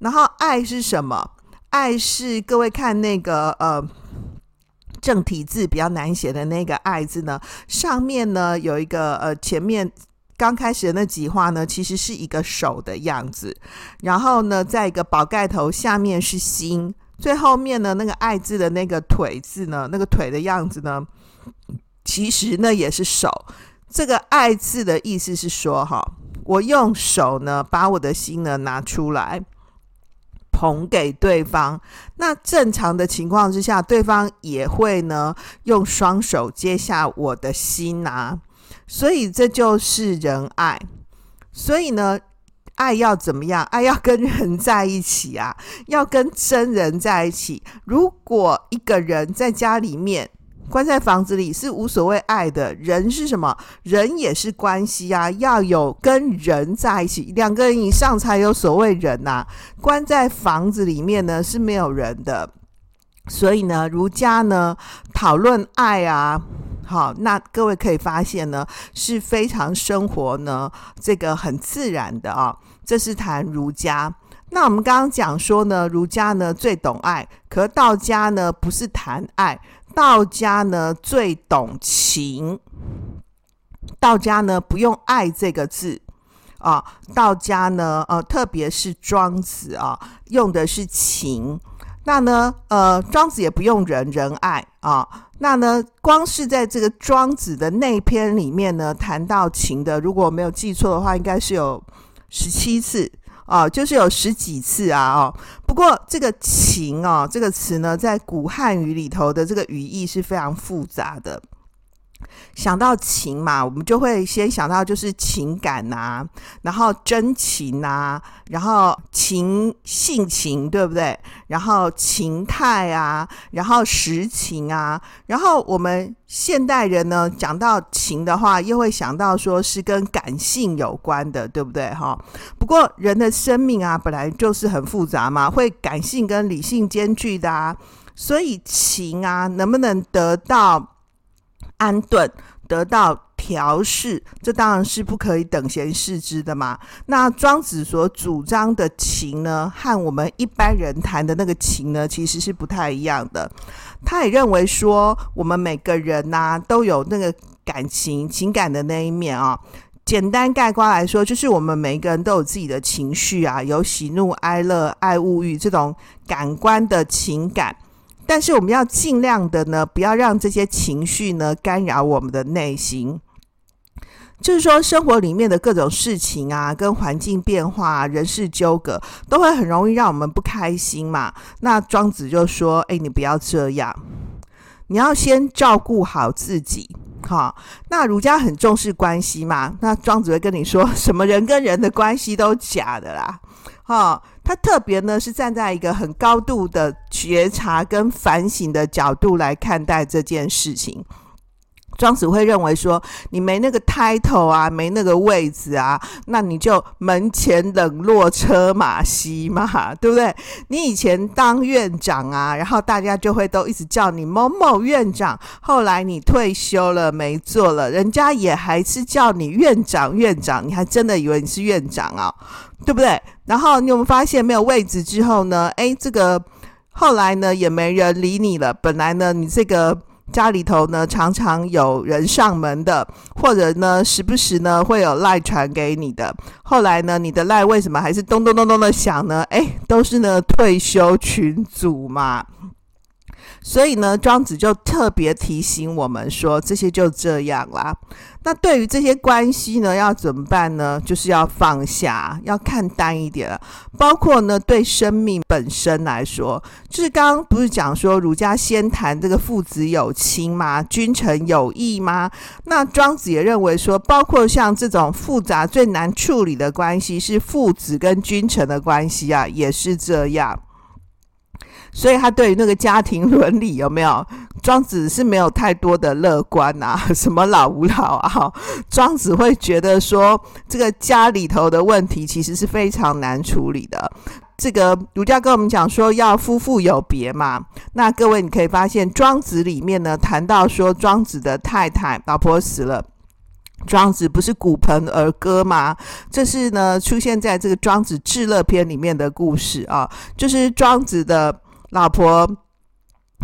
然後“愛”是什麼？愛是各位看那個呃正體字比較難寫的那個“愛”字呢，上面呢有一個呃前面。剛開始的那幾畫呢，其實是一個手的樣子，然後呢，在一個寶蓋頭下面是心，最後面呢，那個愛字的那個腿字呢，那個腿的樣子呢，其實呢也是手。這個愛字的意思是說，哈，我用手呢把我的心呢拿出來，捧給對方。那正常的情況之下，對方也會呢用雙手接下我的心拿、啊。所以這就是仁愛，所以呢，愛要怎麼樣？愛要跟人在一起啊，要跟真人在一起。如果一個人在家裡面關在房子裡是無所謂愛的。人是什麼？人也是關係啊，要有跟人在一起，兩個人以上才有所謂人吶、啊。關在房子裡面呢是沒有人的，所以呢，儒家呢討論愛啊。好、哦，那各位可以發現呢，是非常生活呢，這個很自然的啊、哦。這是談儒家。那我們剛剛講說呢，儒家呢最懂愛，可道家呢不是談愛，道家呢最懂情。道家呢不用“愛”這個字啊、哦，道家呢，呃，特別是莊子啊、哦，用的是“情”。那呢，呃，莊子也不用“仁、仁愛”啊、哦。那呢，光是在這個《莊子》的那篇裡面呢，談到“情”的，如果我沒有記錯的話，應該是有十七次啊，哦，就是有十幾次啊。哦，不過這個“情”哦，這個詞呢，在古漢語裡頭的這個語義是非常複雜的。想到情嘛，我們就會先想到就是情感吶、啊，然後真情吶、啊，然後情性情對不對？然後情態啊，然後實情啊。然後我們現代人呢，講到情的話，又會想到說是跟感性有關的，對不對？哈、哦。不過人的生命啊，本來就是很複雜嘛，會感性跟理性兼具的啊。所以情啊，能不能得到？安頓，得到調適，這當然是不可以等閒視之的嘛。那莊子所主張的情呢，和我們一般人談的那個情呢，其實是不太一樣的。他也認為說，我們每個人吶、啊，都有那個感情、情感的那一面啊。簡單概括來說，就是我們每一個人都有自己的情緒啊，有喜怒哀樂、愛惡欲這種感官的情感。但是我們要儘量的呢，不要讓這些情緒呢干擾我們的內心。就是說，生活裡面的各種事情啊，跟環境變化啊，人事糾葛，都會很容易讓我們不開心嘛。那莊子就說：“誒，你不要這樣，你要先照顧好自己。哦”哈，那儒家很重視關係嘛，那莊子會跟你說：“什麼人跟人的關係都假的啦。哦”哈。他特別呢，是站在一個很高度的覺察跟反省的角度來看待這件事情。莊子會認為說，你沒那個 title 啊，沒那個位置啊，那你就門前冷落車馬稀嘛，對不對？你以前當院長啊，然後大家就會都一直叫你某某院長。後來你退休了，沒做了，人家也還是叫你院長院長，你還真的以為你是院長啊、哦，對不對？然後你有沒有發現沒有位置之後呢？誒，這個後來呢也沒人理你了。本來呢你這個。家裡頭呢，常常有人上門的，或者呢，時不時呢會有 LINE 傳給你的。後來呢，你的 LINE 為什麼還是咚咚咚咚的響呢？誒、欸，都是呢退休群組嘛。所以呢，莊子就特別提醒我們說，這些就這樣啦。那對於這些關係呢，要怎麼辦呢？就是要放下，要看淡一點了。包括呢，對生命本身來說，就是剛剛不是講說儒家先談這個父子有親嗎？君臣有義嗎？那莊子也認為說，包括像這種複雜最難處理的關係，是父子跟君臣的關係啊，也是這樣。所以他對於那個家庭倫理有沒有，莊子是沒有太多的樂觀吶、啊？什麼老吾老啊？莊子會覺得說，這個家裡頭的問題其實是非常難處理的。這個儒家跟我們講說要夫婦有別嘛。那各位你可以發現，莊子裡面呢談到說，莊子的太太、老婆死了，莊子不是鼓盆而歌嗎？這是呢出現在這個莊子至樂篇裡面的故事啊，就是莊子的。老婆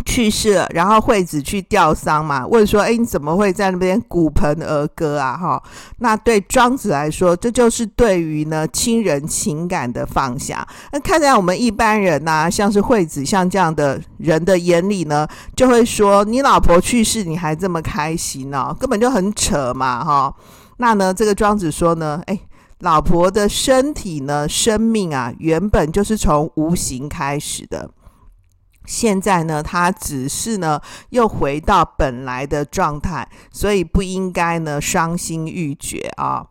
去世了，然後惠子去弔喪嘛，問說：“哎，你怎麼會在那邊鼓盆而歌啊？”哈，那對莊子來說，這就是對於呢親人情感的放下。那看在我們一般人吶、啊，像是惠子像這樣的人的眼裡呢，就會說：“你老婆去世，你還這麼開心呢、啊？根本就很扯嘛！”哈，那呢，這個莊子說呢：“哎，老婆的身體呢，生命啊，原本就是從無形開始的。”現在呢，他只是呢又回到本來的狀態，所以不應該呢傷心欲絕啊。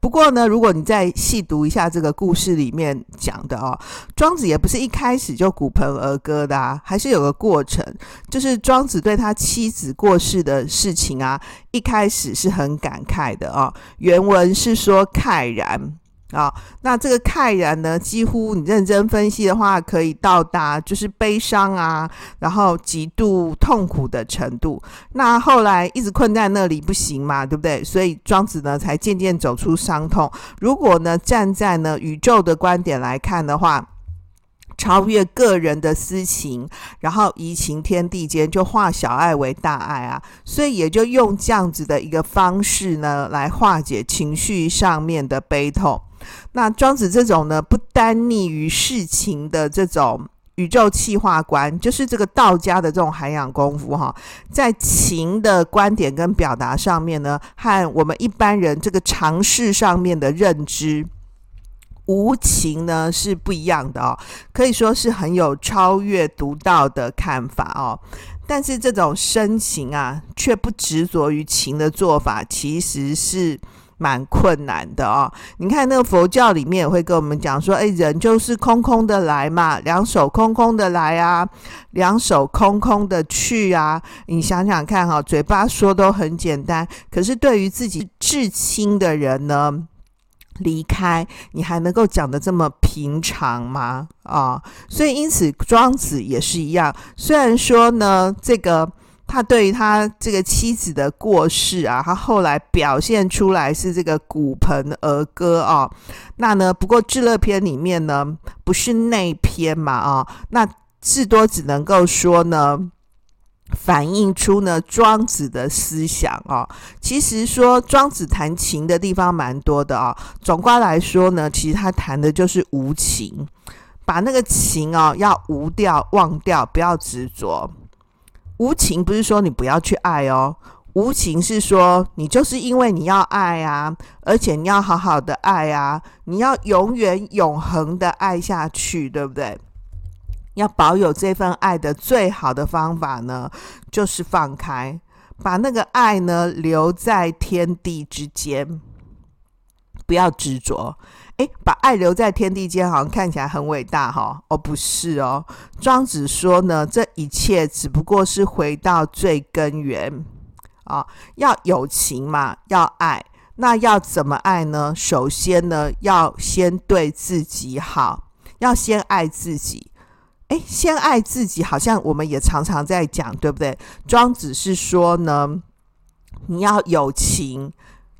不過呢，如果你再細讀一下這個故事裡面講的哦、啊，莊子也不是一開始就鼓盆而歌的啊，還是有個過程。就是莊子對他妻子過世的事情啊，一開始是很感慨的哦、啊，原文是說慨然。啊、哦，那這個泰然呢，幾乎你認真分析的話，可以到達就是悲傷啊，然後極度痛苦的程度。那後來一直困在那裡不行嘛，對不對？所以莊子呢，才漸漸走出傷痛。如果呢，站在呢宇宙的觀點來看的話，超越個人的私情，然後移情天地間，就化小愛為大愛啊。所以也就用這樣子的一個方式呢，來化解情緒上面的悲痛。那莊子這種呢，不單逆於世情的這種宇宙氣化觀，就是這個道家的這種涵養功夫哈、哦，在情的觀點跟表達上面呢，和我們一般人這個常識上面的認知，無情呢是不一樣的哦，可以說是很有超越獨到的看法哦。但是這種深情啊，卻不執着於情的做法，其實是。蠻困難的哦，你看那個佛教裡面也會跟我們講說，哎，人就是空空的來嘛，兩手空空的來啊，兩手空空的去啊。你想想看哈、哦，嘴巴說都很簡單，可是對於自己至親的人呢，離開你還能夠講得這麼平常嗎？啊、哦，所以因此莊子也是一樣，雖然說呢這個。他對於他這個妻子的過世啊，他後來表現出來是這個鼓盆而歌哦啊。那呢，不過至樂篇裡面呢，不是那篇嘛啊、哦。那至多只能夠說呢，反映出呢莊子的思想啊、哦。其實說莊子談情的地方蠻多的啊、哦。總括來說呢，其實他談的就是無情，把那個情啊、哦，要無掉、忘掉，不要執着。無情不是說你不要去愛哦，無情是說你就是因為你要愛啊，而且你要好好的愛啊，你要永遠永恆的愛下去，對不對？要保有這份愛的最好的方法呢，就是放開，把那個愛呢留在天地之間。不要執着，誒、欸，把愛留在天地間，好像看起來很偉大，哈，哦，不是哦。莊子說呢，這一切只不過是回到最根源啊、哦，要有情嘛，要愛，那要怎麼愛呢？首先呢，要先對自己好，要先愛自己。誒、欸，先愛自己，好像我們也常常在講，對不對？莊子是說呢，你要有情。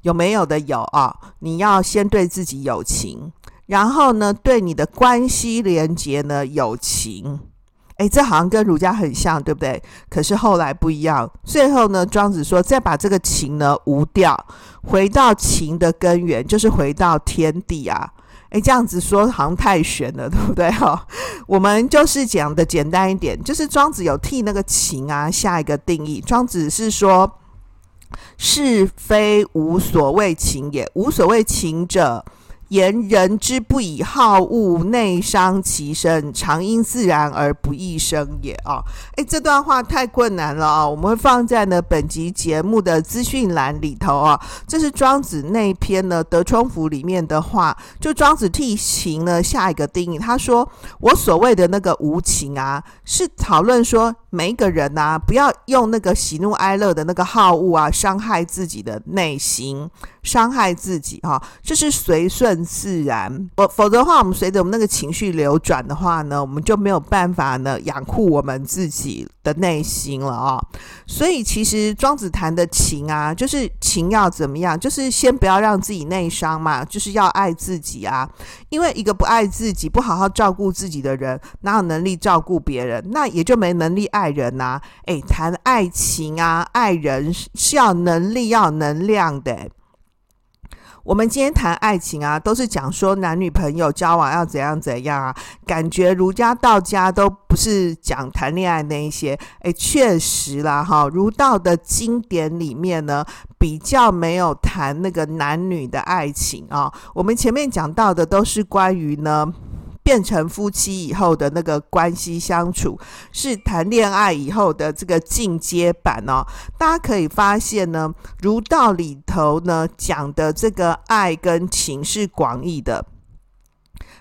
有沒有的有啊、哦？你要先對自己有情，然後呢，對你的關係連結呢有情。誒，這好像跟儒家很像，對不對？可是後來不一樣。最後呢，莊子說，再把這個情呢無掉，回到情的根源，就是回到天地啊。誒，這樣子說好像太玄了，對不對哈、哦？我們就是講的簡單一點，就是莊子有替那個情啊下一個定義。莊子是說。是非無所謂情也，無所謂情者。言人之不以好惡內傷其身，常因自然而不益生也哦，哎，這段話太困難了啊、哦！我們會放在呢本集節目的資訊欄裡頭啊、哦。這是莊子那篇呢《德充符》裡面的話，就莊子替情呢下一個定義。他說：“我所謂的那個無情啊，是討論說每一個人吶、啊，不要用那個喜怒哀樂的那個好惡啊，傷害自己的內心，傷害自己啊、哦。這是隨順。”自然，否否則的話，我們隨着我們那個情緒流轉的話呢，我們就沒有辦法呢養護我們自己的內心了啊、哦。所以，其實莊子談的情啊，就是情要怎麼樣，就是先不要讓自己內傷嘛，就是要愛自己啊。因為一個不愛自己、不好好照顧自己的人，哪有能力照顧別人？那也就沒能力愛人吶、啊。誒，談愛情啊，愛人是要能力、要能量的。我們今天談愛情啊，都是講說男女朋友交往要怎樣怎樣啊，感覺儒家道家都不是講談戀愛那一些。哎，確實啦，哈、哦，儒道的經典裡面呢，比較沒有談那個男女的愛情啊、哦。我們前面講到的都是關於呢。變成夫妻以後的那個關係相處，是談戀愛以後的這個進階版哦。大家可以發現呢，儒道裡頭呢，講的這個愛跟情是廣義的，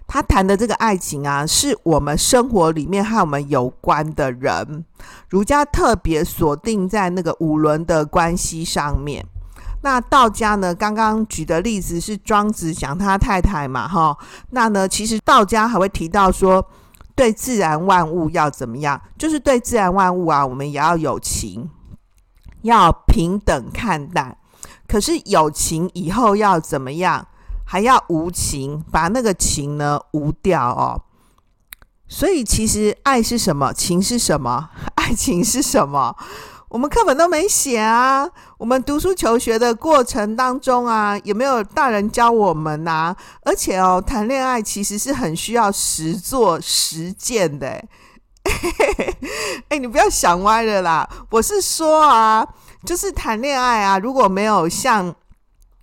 他談的這個愛情啊，是我們生活裡面和我們有關的人。儒家特別鎖定在那個五倫的關係上面。那道家呢，剛剛舉的例子是莊子講他太太嘛，哈。那呢，其實道家還會提到說，對自然萬物要怎麼樣？就是對自然萬物啊，我們也要有情，要平等看待。可是有情以後要怎麼樣？還要無情，把那個情呢無掉哦。所以其實愛是什麼？情是什麼？愛情是什麼？我們課本都沒寫啊！我們讀書求學的過程當中啊，也沒有大人教我們吶、啊？而且哦，談戀愛其實是很需要實作實踐的。誒、哎哎、你不要想歪了啦！我是說啊，就是談戀愛啊，如果沒有像。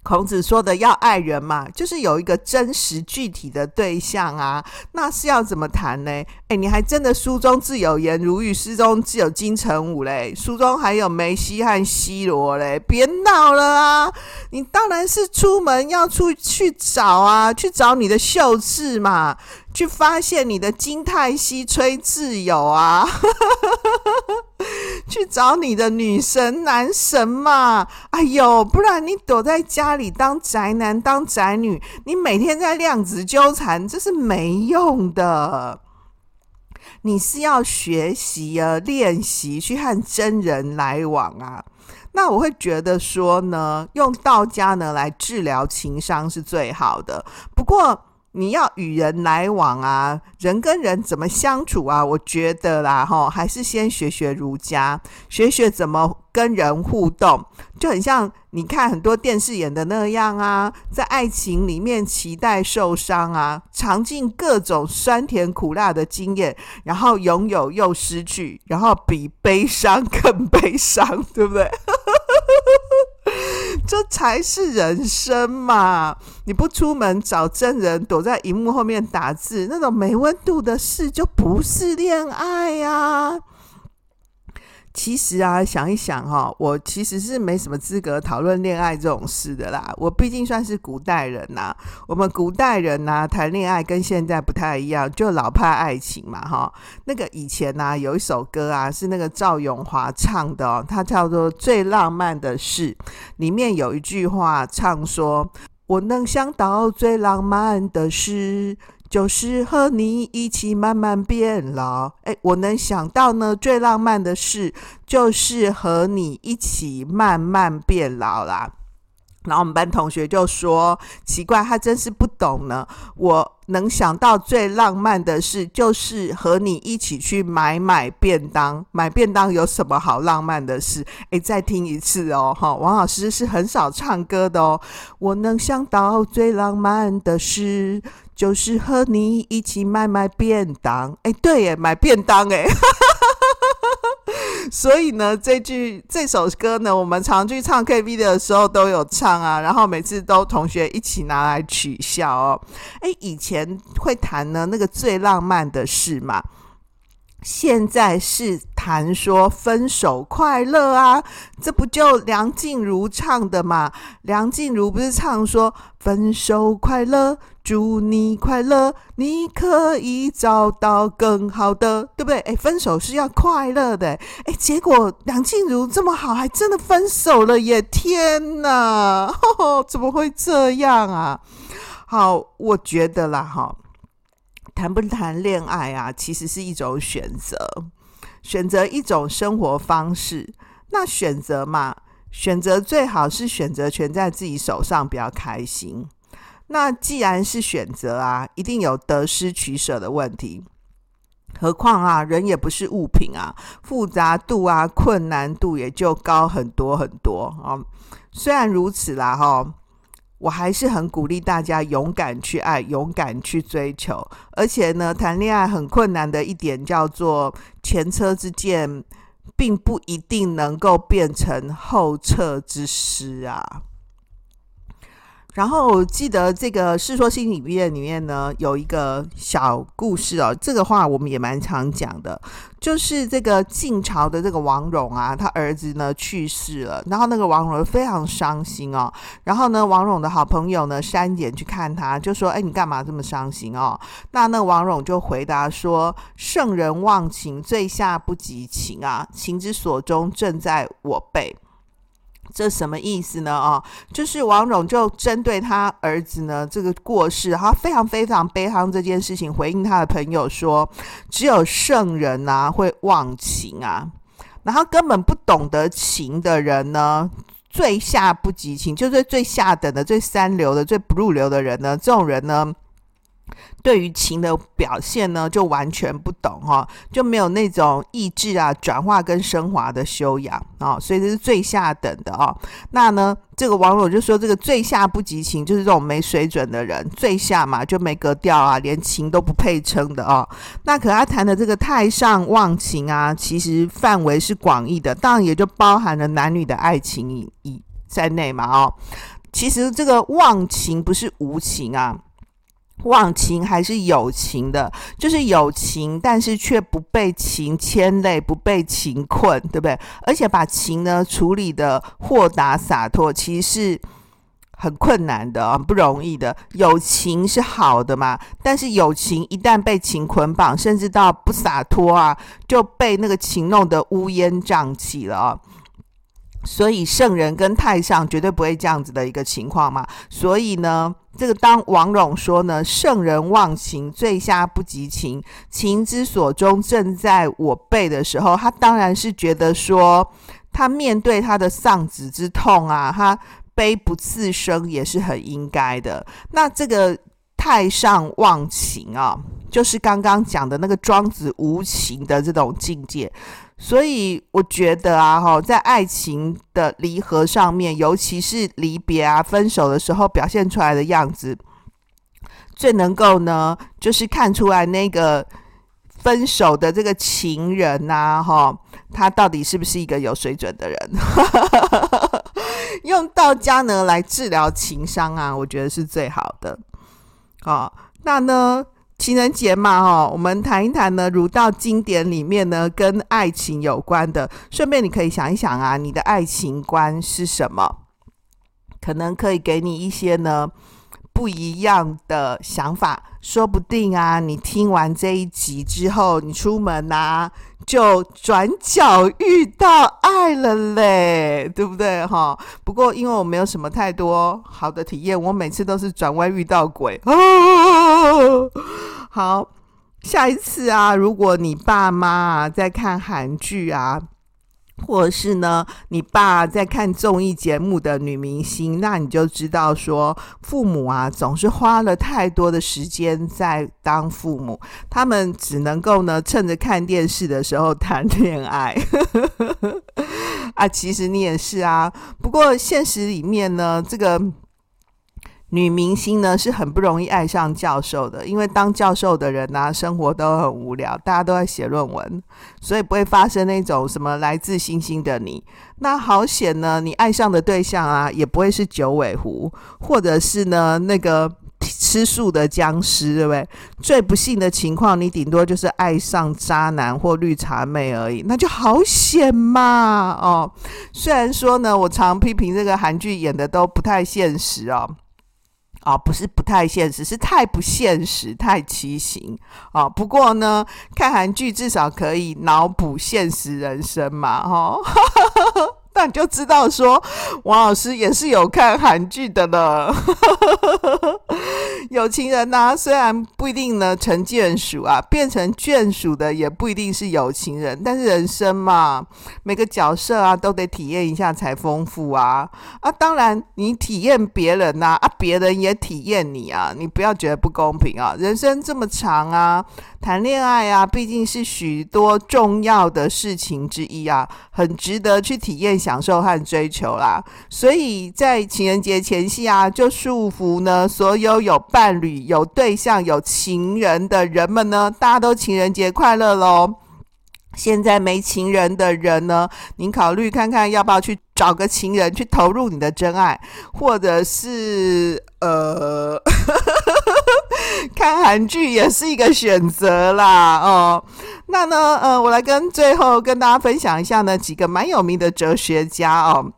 孔子說的要愛人嘛，就是有一個真實具體的對象啊，那是要怎麼談呢？哎，你還真的書中自有顏如玉，詩中自有金城武嘞，書中還有梅西和 C 羅嘞，別鬧了啊！你當然是出門要出去找啊，去找你的秀智嘛。去發現你的金泰熙、崔智友啊， 去找你的女神、男神嘛！哎呦，不然你躲在家裡當宅男、當宅女，你每天在量子糾纏，這是沒用的。你是要學習啊、練習去和真人來往啊。那我會覺得說呢，用道家呢來治療情商是最好的。不過。你要與人來往啊，人跟人怎麼相處啊？我覺得啦，哈，還是先學學儒家，學學怎麼。跟人互動就很像你看很多電視演的那樣啊，在愛情裡面期待受傷啊，嘗盡各種酸甜苦辣的經驗，然後擁有又失去，然後比悲傷更悲傷，對不對？ 這才是人生嘛！你不出門找真人，躲在熒幕後面打字，那種沒溫度的事就不是戀愛呀、啊。其實啊，想一想哈、哦，我其實是沒什麼資格討論戀愛這種事的啦。我畢竟算是古代人吶、啊，我們古代人吶、啊、談戀愛跟現在不太一樣，就老派愛情嘛哈、哦。那個以前啊，有一首歌啊是那個趙詠華唱的哦，他叫做《最浪漫的事》，裡面有一句話唱說：“我能想到最浪漫的事。”就是和你一起慢慢變老，哎、欸，我能想到呢，最浪漫的事就是和你一起慢慢變老啦。然後我們班同學就說：“奇怪，他真是不懂呢。”我能想到最浪漫的事就是和你一起去買買便當，買便當有什麼好浪漫的事？哎、欸，再聽一次哦，吼，王老師是很少唱歌的哦。我能想到最浪漫的事。就是和你一起買買便當，哎、欸，對耶，買便當耶，哈 所以呢，這句這首歌呢，我們常去唱 KTV 的時候都有唱啊，然後每次都同學一起拿來取笑哦、喔。哎、欸，以前會談呢那個最浪漫的事嘛。現在是談說分手快樂啊，這不就梁靜茹唱的嗎？梁靜茹不是唱說分手快樂，祝你快樂，你可以找到更好的，對不對？誒，分手是要快樂的誒，誒，結果梁靜茹這麼好，還真的分手了耶！天哪，呵呵，怎麼會這樣啊？好，我覺得啦，哈。談不談戀愛啊，其實是一種選擇，選擇一種生活方式。那選擇嘛，選擇最好是選擇權在自己手上，比較開心。那既然是選擇啊，一定有得失取捨的問題。何況啊，人也不是物品啊，複雜度啊，困難度也就高很多很多啊，哦。雖然如此啦，哦，哈。我還是很鼓勵大家勇敢去愛，勇敢去追求。而且呢，談戀愛很困難的一點叫做前車之鑑，並不一定能夠變成後車之師啊。然後我記得這個《世說新語》裡面呢，有一個小故事哦。這個話我們也蠻常講的，就是這個晉朝的這個王戎啊，他兒子呢去世了，然後那個王戎非常傷心哦。然後呢，王戎的好朋友呢山簡去看他，就說：“哎，你幹嘛這麼傷心哦？”那那個王戎就回答說：“聖人忘情，最下不及情啊，情之所鍾，正在我輩。”這什麼意思呢？哦，就是王戎就針對他兒子呢這個過世，他非常非常悲傷這件事情，回應他的朋友說：只有聖人啊會忘情啊，然後根本不懂得情的人呢，最下不及情，就是最,最下等的、最三流的、最不入流的人呢，這種人呢。對於情的表現呢，就完全不懂哈、哦，就沒有那種意志啊、轉化跟升華的修養啊、哦，所以這是最下等的哦。那呢，這個王戎就說，這個“最下不及情”就是這種沒水準的人，最下嘛就沒格調啊，連情都不配稱的哦。那可他談的這個“太上忘情”啊，其實範圍是廣義的，當然也就包含了男女的愛情意在內嘛哦。其實這個“忘情”不是無情啊。忘情還是有情的，就是有情，但是卻不被情牽累，不被情困，對不對？而且把情呢處理得豁達灑脫，其實是很困難的啊，很不容易的。有情是好的嘛，但是有情一旦被情捆綁，甚至到不灑脫啊，就被那個情弄得烏煙瘴氣了啊。所以聖人跟太上絕對不會這樣子的一個情況嘛。所以呢，這個當王戎說呢，聖人忘情，最下不及情，情之所鍾，正在我輩的時候，他當然是覺得說，他面對他的喪子之痛啊，他悲不自生也是很應該的。那這個太上忘情啊，就是剛剛講的那個莊子無情的這種境界。所以我覺得啊，哈，在愛情的離合上面，尤其是離別啊、分手的時候，表現出來的樣子，最能夠呢，就是看出來那個分手的這個情人吶、啊，哈，他到底是不是一個有水準的人？ 用道家呢來治療情傷啊，我覺得是最好的。好、哦，那呢？情人節嘛，哈，我們談一談呢，儒道經典裡面呢，跟愛情有關的。順便你可以想一想啊，你的愛情觀是什麼？可能可以給你一些呢不一樣的想法。說不定啊，你聽完這一集之後，你出門吶、啊，就轉角遇到愛了嘞，對不對？哈，不過因為我沒有什麼太多好的體驗，我每次都是轉彎遇到鬼、啊好，下一次啊，如果你爸媽啊在看韓劇啊，或者是呢你爸在看綜藝節目的女明星，那你就知道說父母啊總是花了太多的時間在當父母，他們只能夠呢趁着看電視的時候談戀愛。 啊，其實你也是啊，不過現實裡面呢這個。女明星呢是很不容易愛上教授的，因為當教授的人呢、啊，生活都很無聊，大家都在寫論文，所以不會發生那種什麼來自星星的你。那好險呢，你愛上的對象啊，也不會是九尾狐，或者是呢那個吃素的僵屍，對不對？最不幸的情況，你頂多就是愛上渣男或綠茶妹而已，那就好險嘛哦。雖然說呢，我常批評這個韓劇演的都不太現實哦。啊，不是不太現實，是太不現實，太畸形啊！不過呢，看韓劇至少可以腦補現實人生嘛，哈、哦，但你 就知道說，王老師也是有看韓劇的了。 有情人吶、啊，雖然不一定呢成眷屬啊，變成眷屬的也不一定是有情人，但是人生嘛，每個角色啊都得體驗一下才豐富啊啊！當然，你體驗別人吶、啊，啊，別人也體驗你啊，你不要覺得不公平啊！人生這麼長啊，談戀愛啊，畢竟是許多重要的事情之一啊，很值得去體驗、享受和追求啦。所以在情人節前夕啊，就祝福呢所有有。伴侶、有對象、有情人的人們呢，大家都情人節快樂嘍！現在沒情人的人呢，您考慮看看要不要去找個情人，去投入你的真愛，或者是呃呵呵呵，看韓劇也是一個選擇啦。哦，那呢，呃，我來跟最後跟大家分享一下呢，幾個蠻有名的哲學家哦。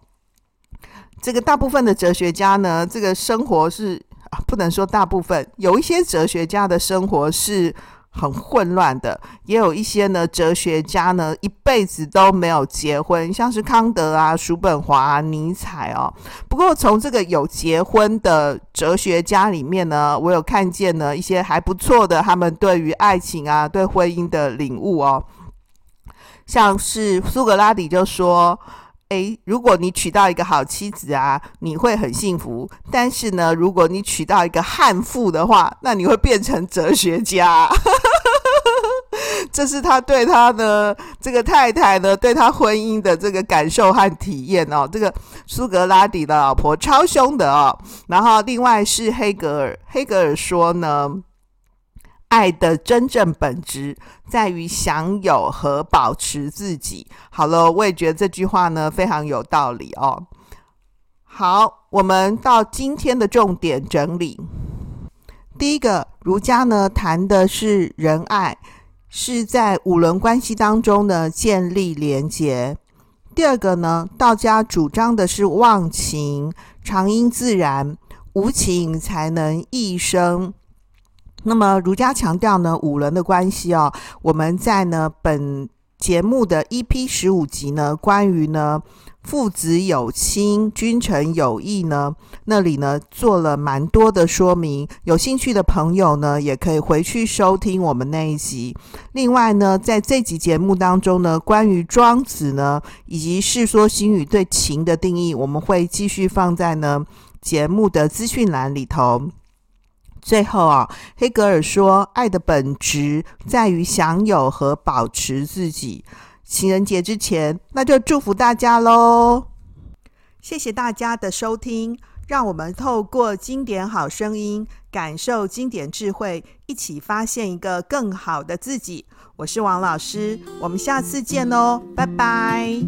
這個大部分的哲學家呢，這個生活是。不能說大部分，有一些哲學家的生活是很混亂的，也有一些呢，哲學家呢一輩子都沒有結婚，像是康德啊、叔本華啊、尼采哦。不過從這個有結婚的哲學家裡面呢，我有看見呢一些還不錯的，他們對於愛情啊、對婚姻的領悟哦，像是蘇格拉底就說。如果你娶到一個好妻子啊，你會很幸福。但是呢，如果你娶到一個悍婦的話，那你會變成哲學家。 這是他對他的這個太太呢，對他婚姻的這個感受和體驗哦。這個蘇格拉底的老婆超凶的哦。然後另外是黑格爾，黑格爾說呢。愛的真正本質在於享有和保持自己。好了，我也覺得這句話呢非常有道理哦。好，我們到今天的重點整理。第一個，儒家呢談的是仁愛，是在五倫關係當中呢建立連結。第二個呢，道家主張的是忘情，常因自然，無情才能益生。那麼儒家強調呢五倫，的關係哦，我們在呢本節目的 EP 十五集呢，關於呢父子有親、君臣有義呢，那裡呢做了蠻多的說明。有興趣的朋友呢，也可以回去收聽我們那一集。另外呢，在這集節目當中呢，關於莊子呢以及《世說新語》對情的定義，我們會繼續放在呢節目的資訊欄裡頭。最後啊，黑格爾說，愛的本質在於享有和保持自己。情人節之前，那就祝福大家嘍！謝謝大家的收聽，讓我們透過經典好聲音，感受經典智慧，一起發現一個更好的自己。我是王老師，我們下次見哦，拜拜。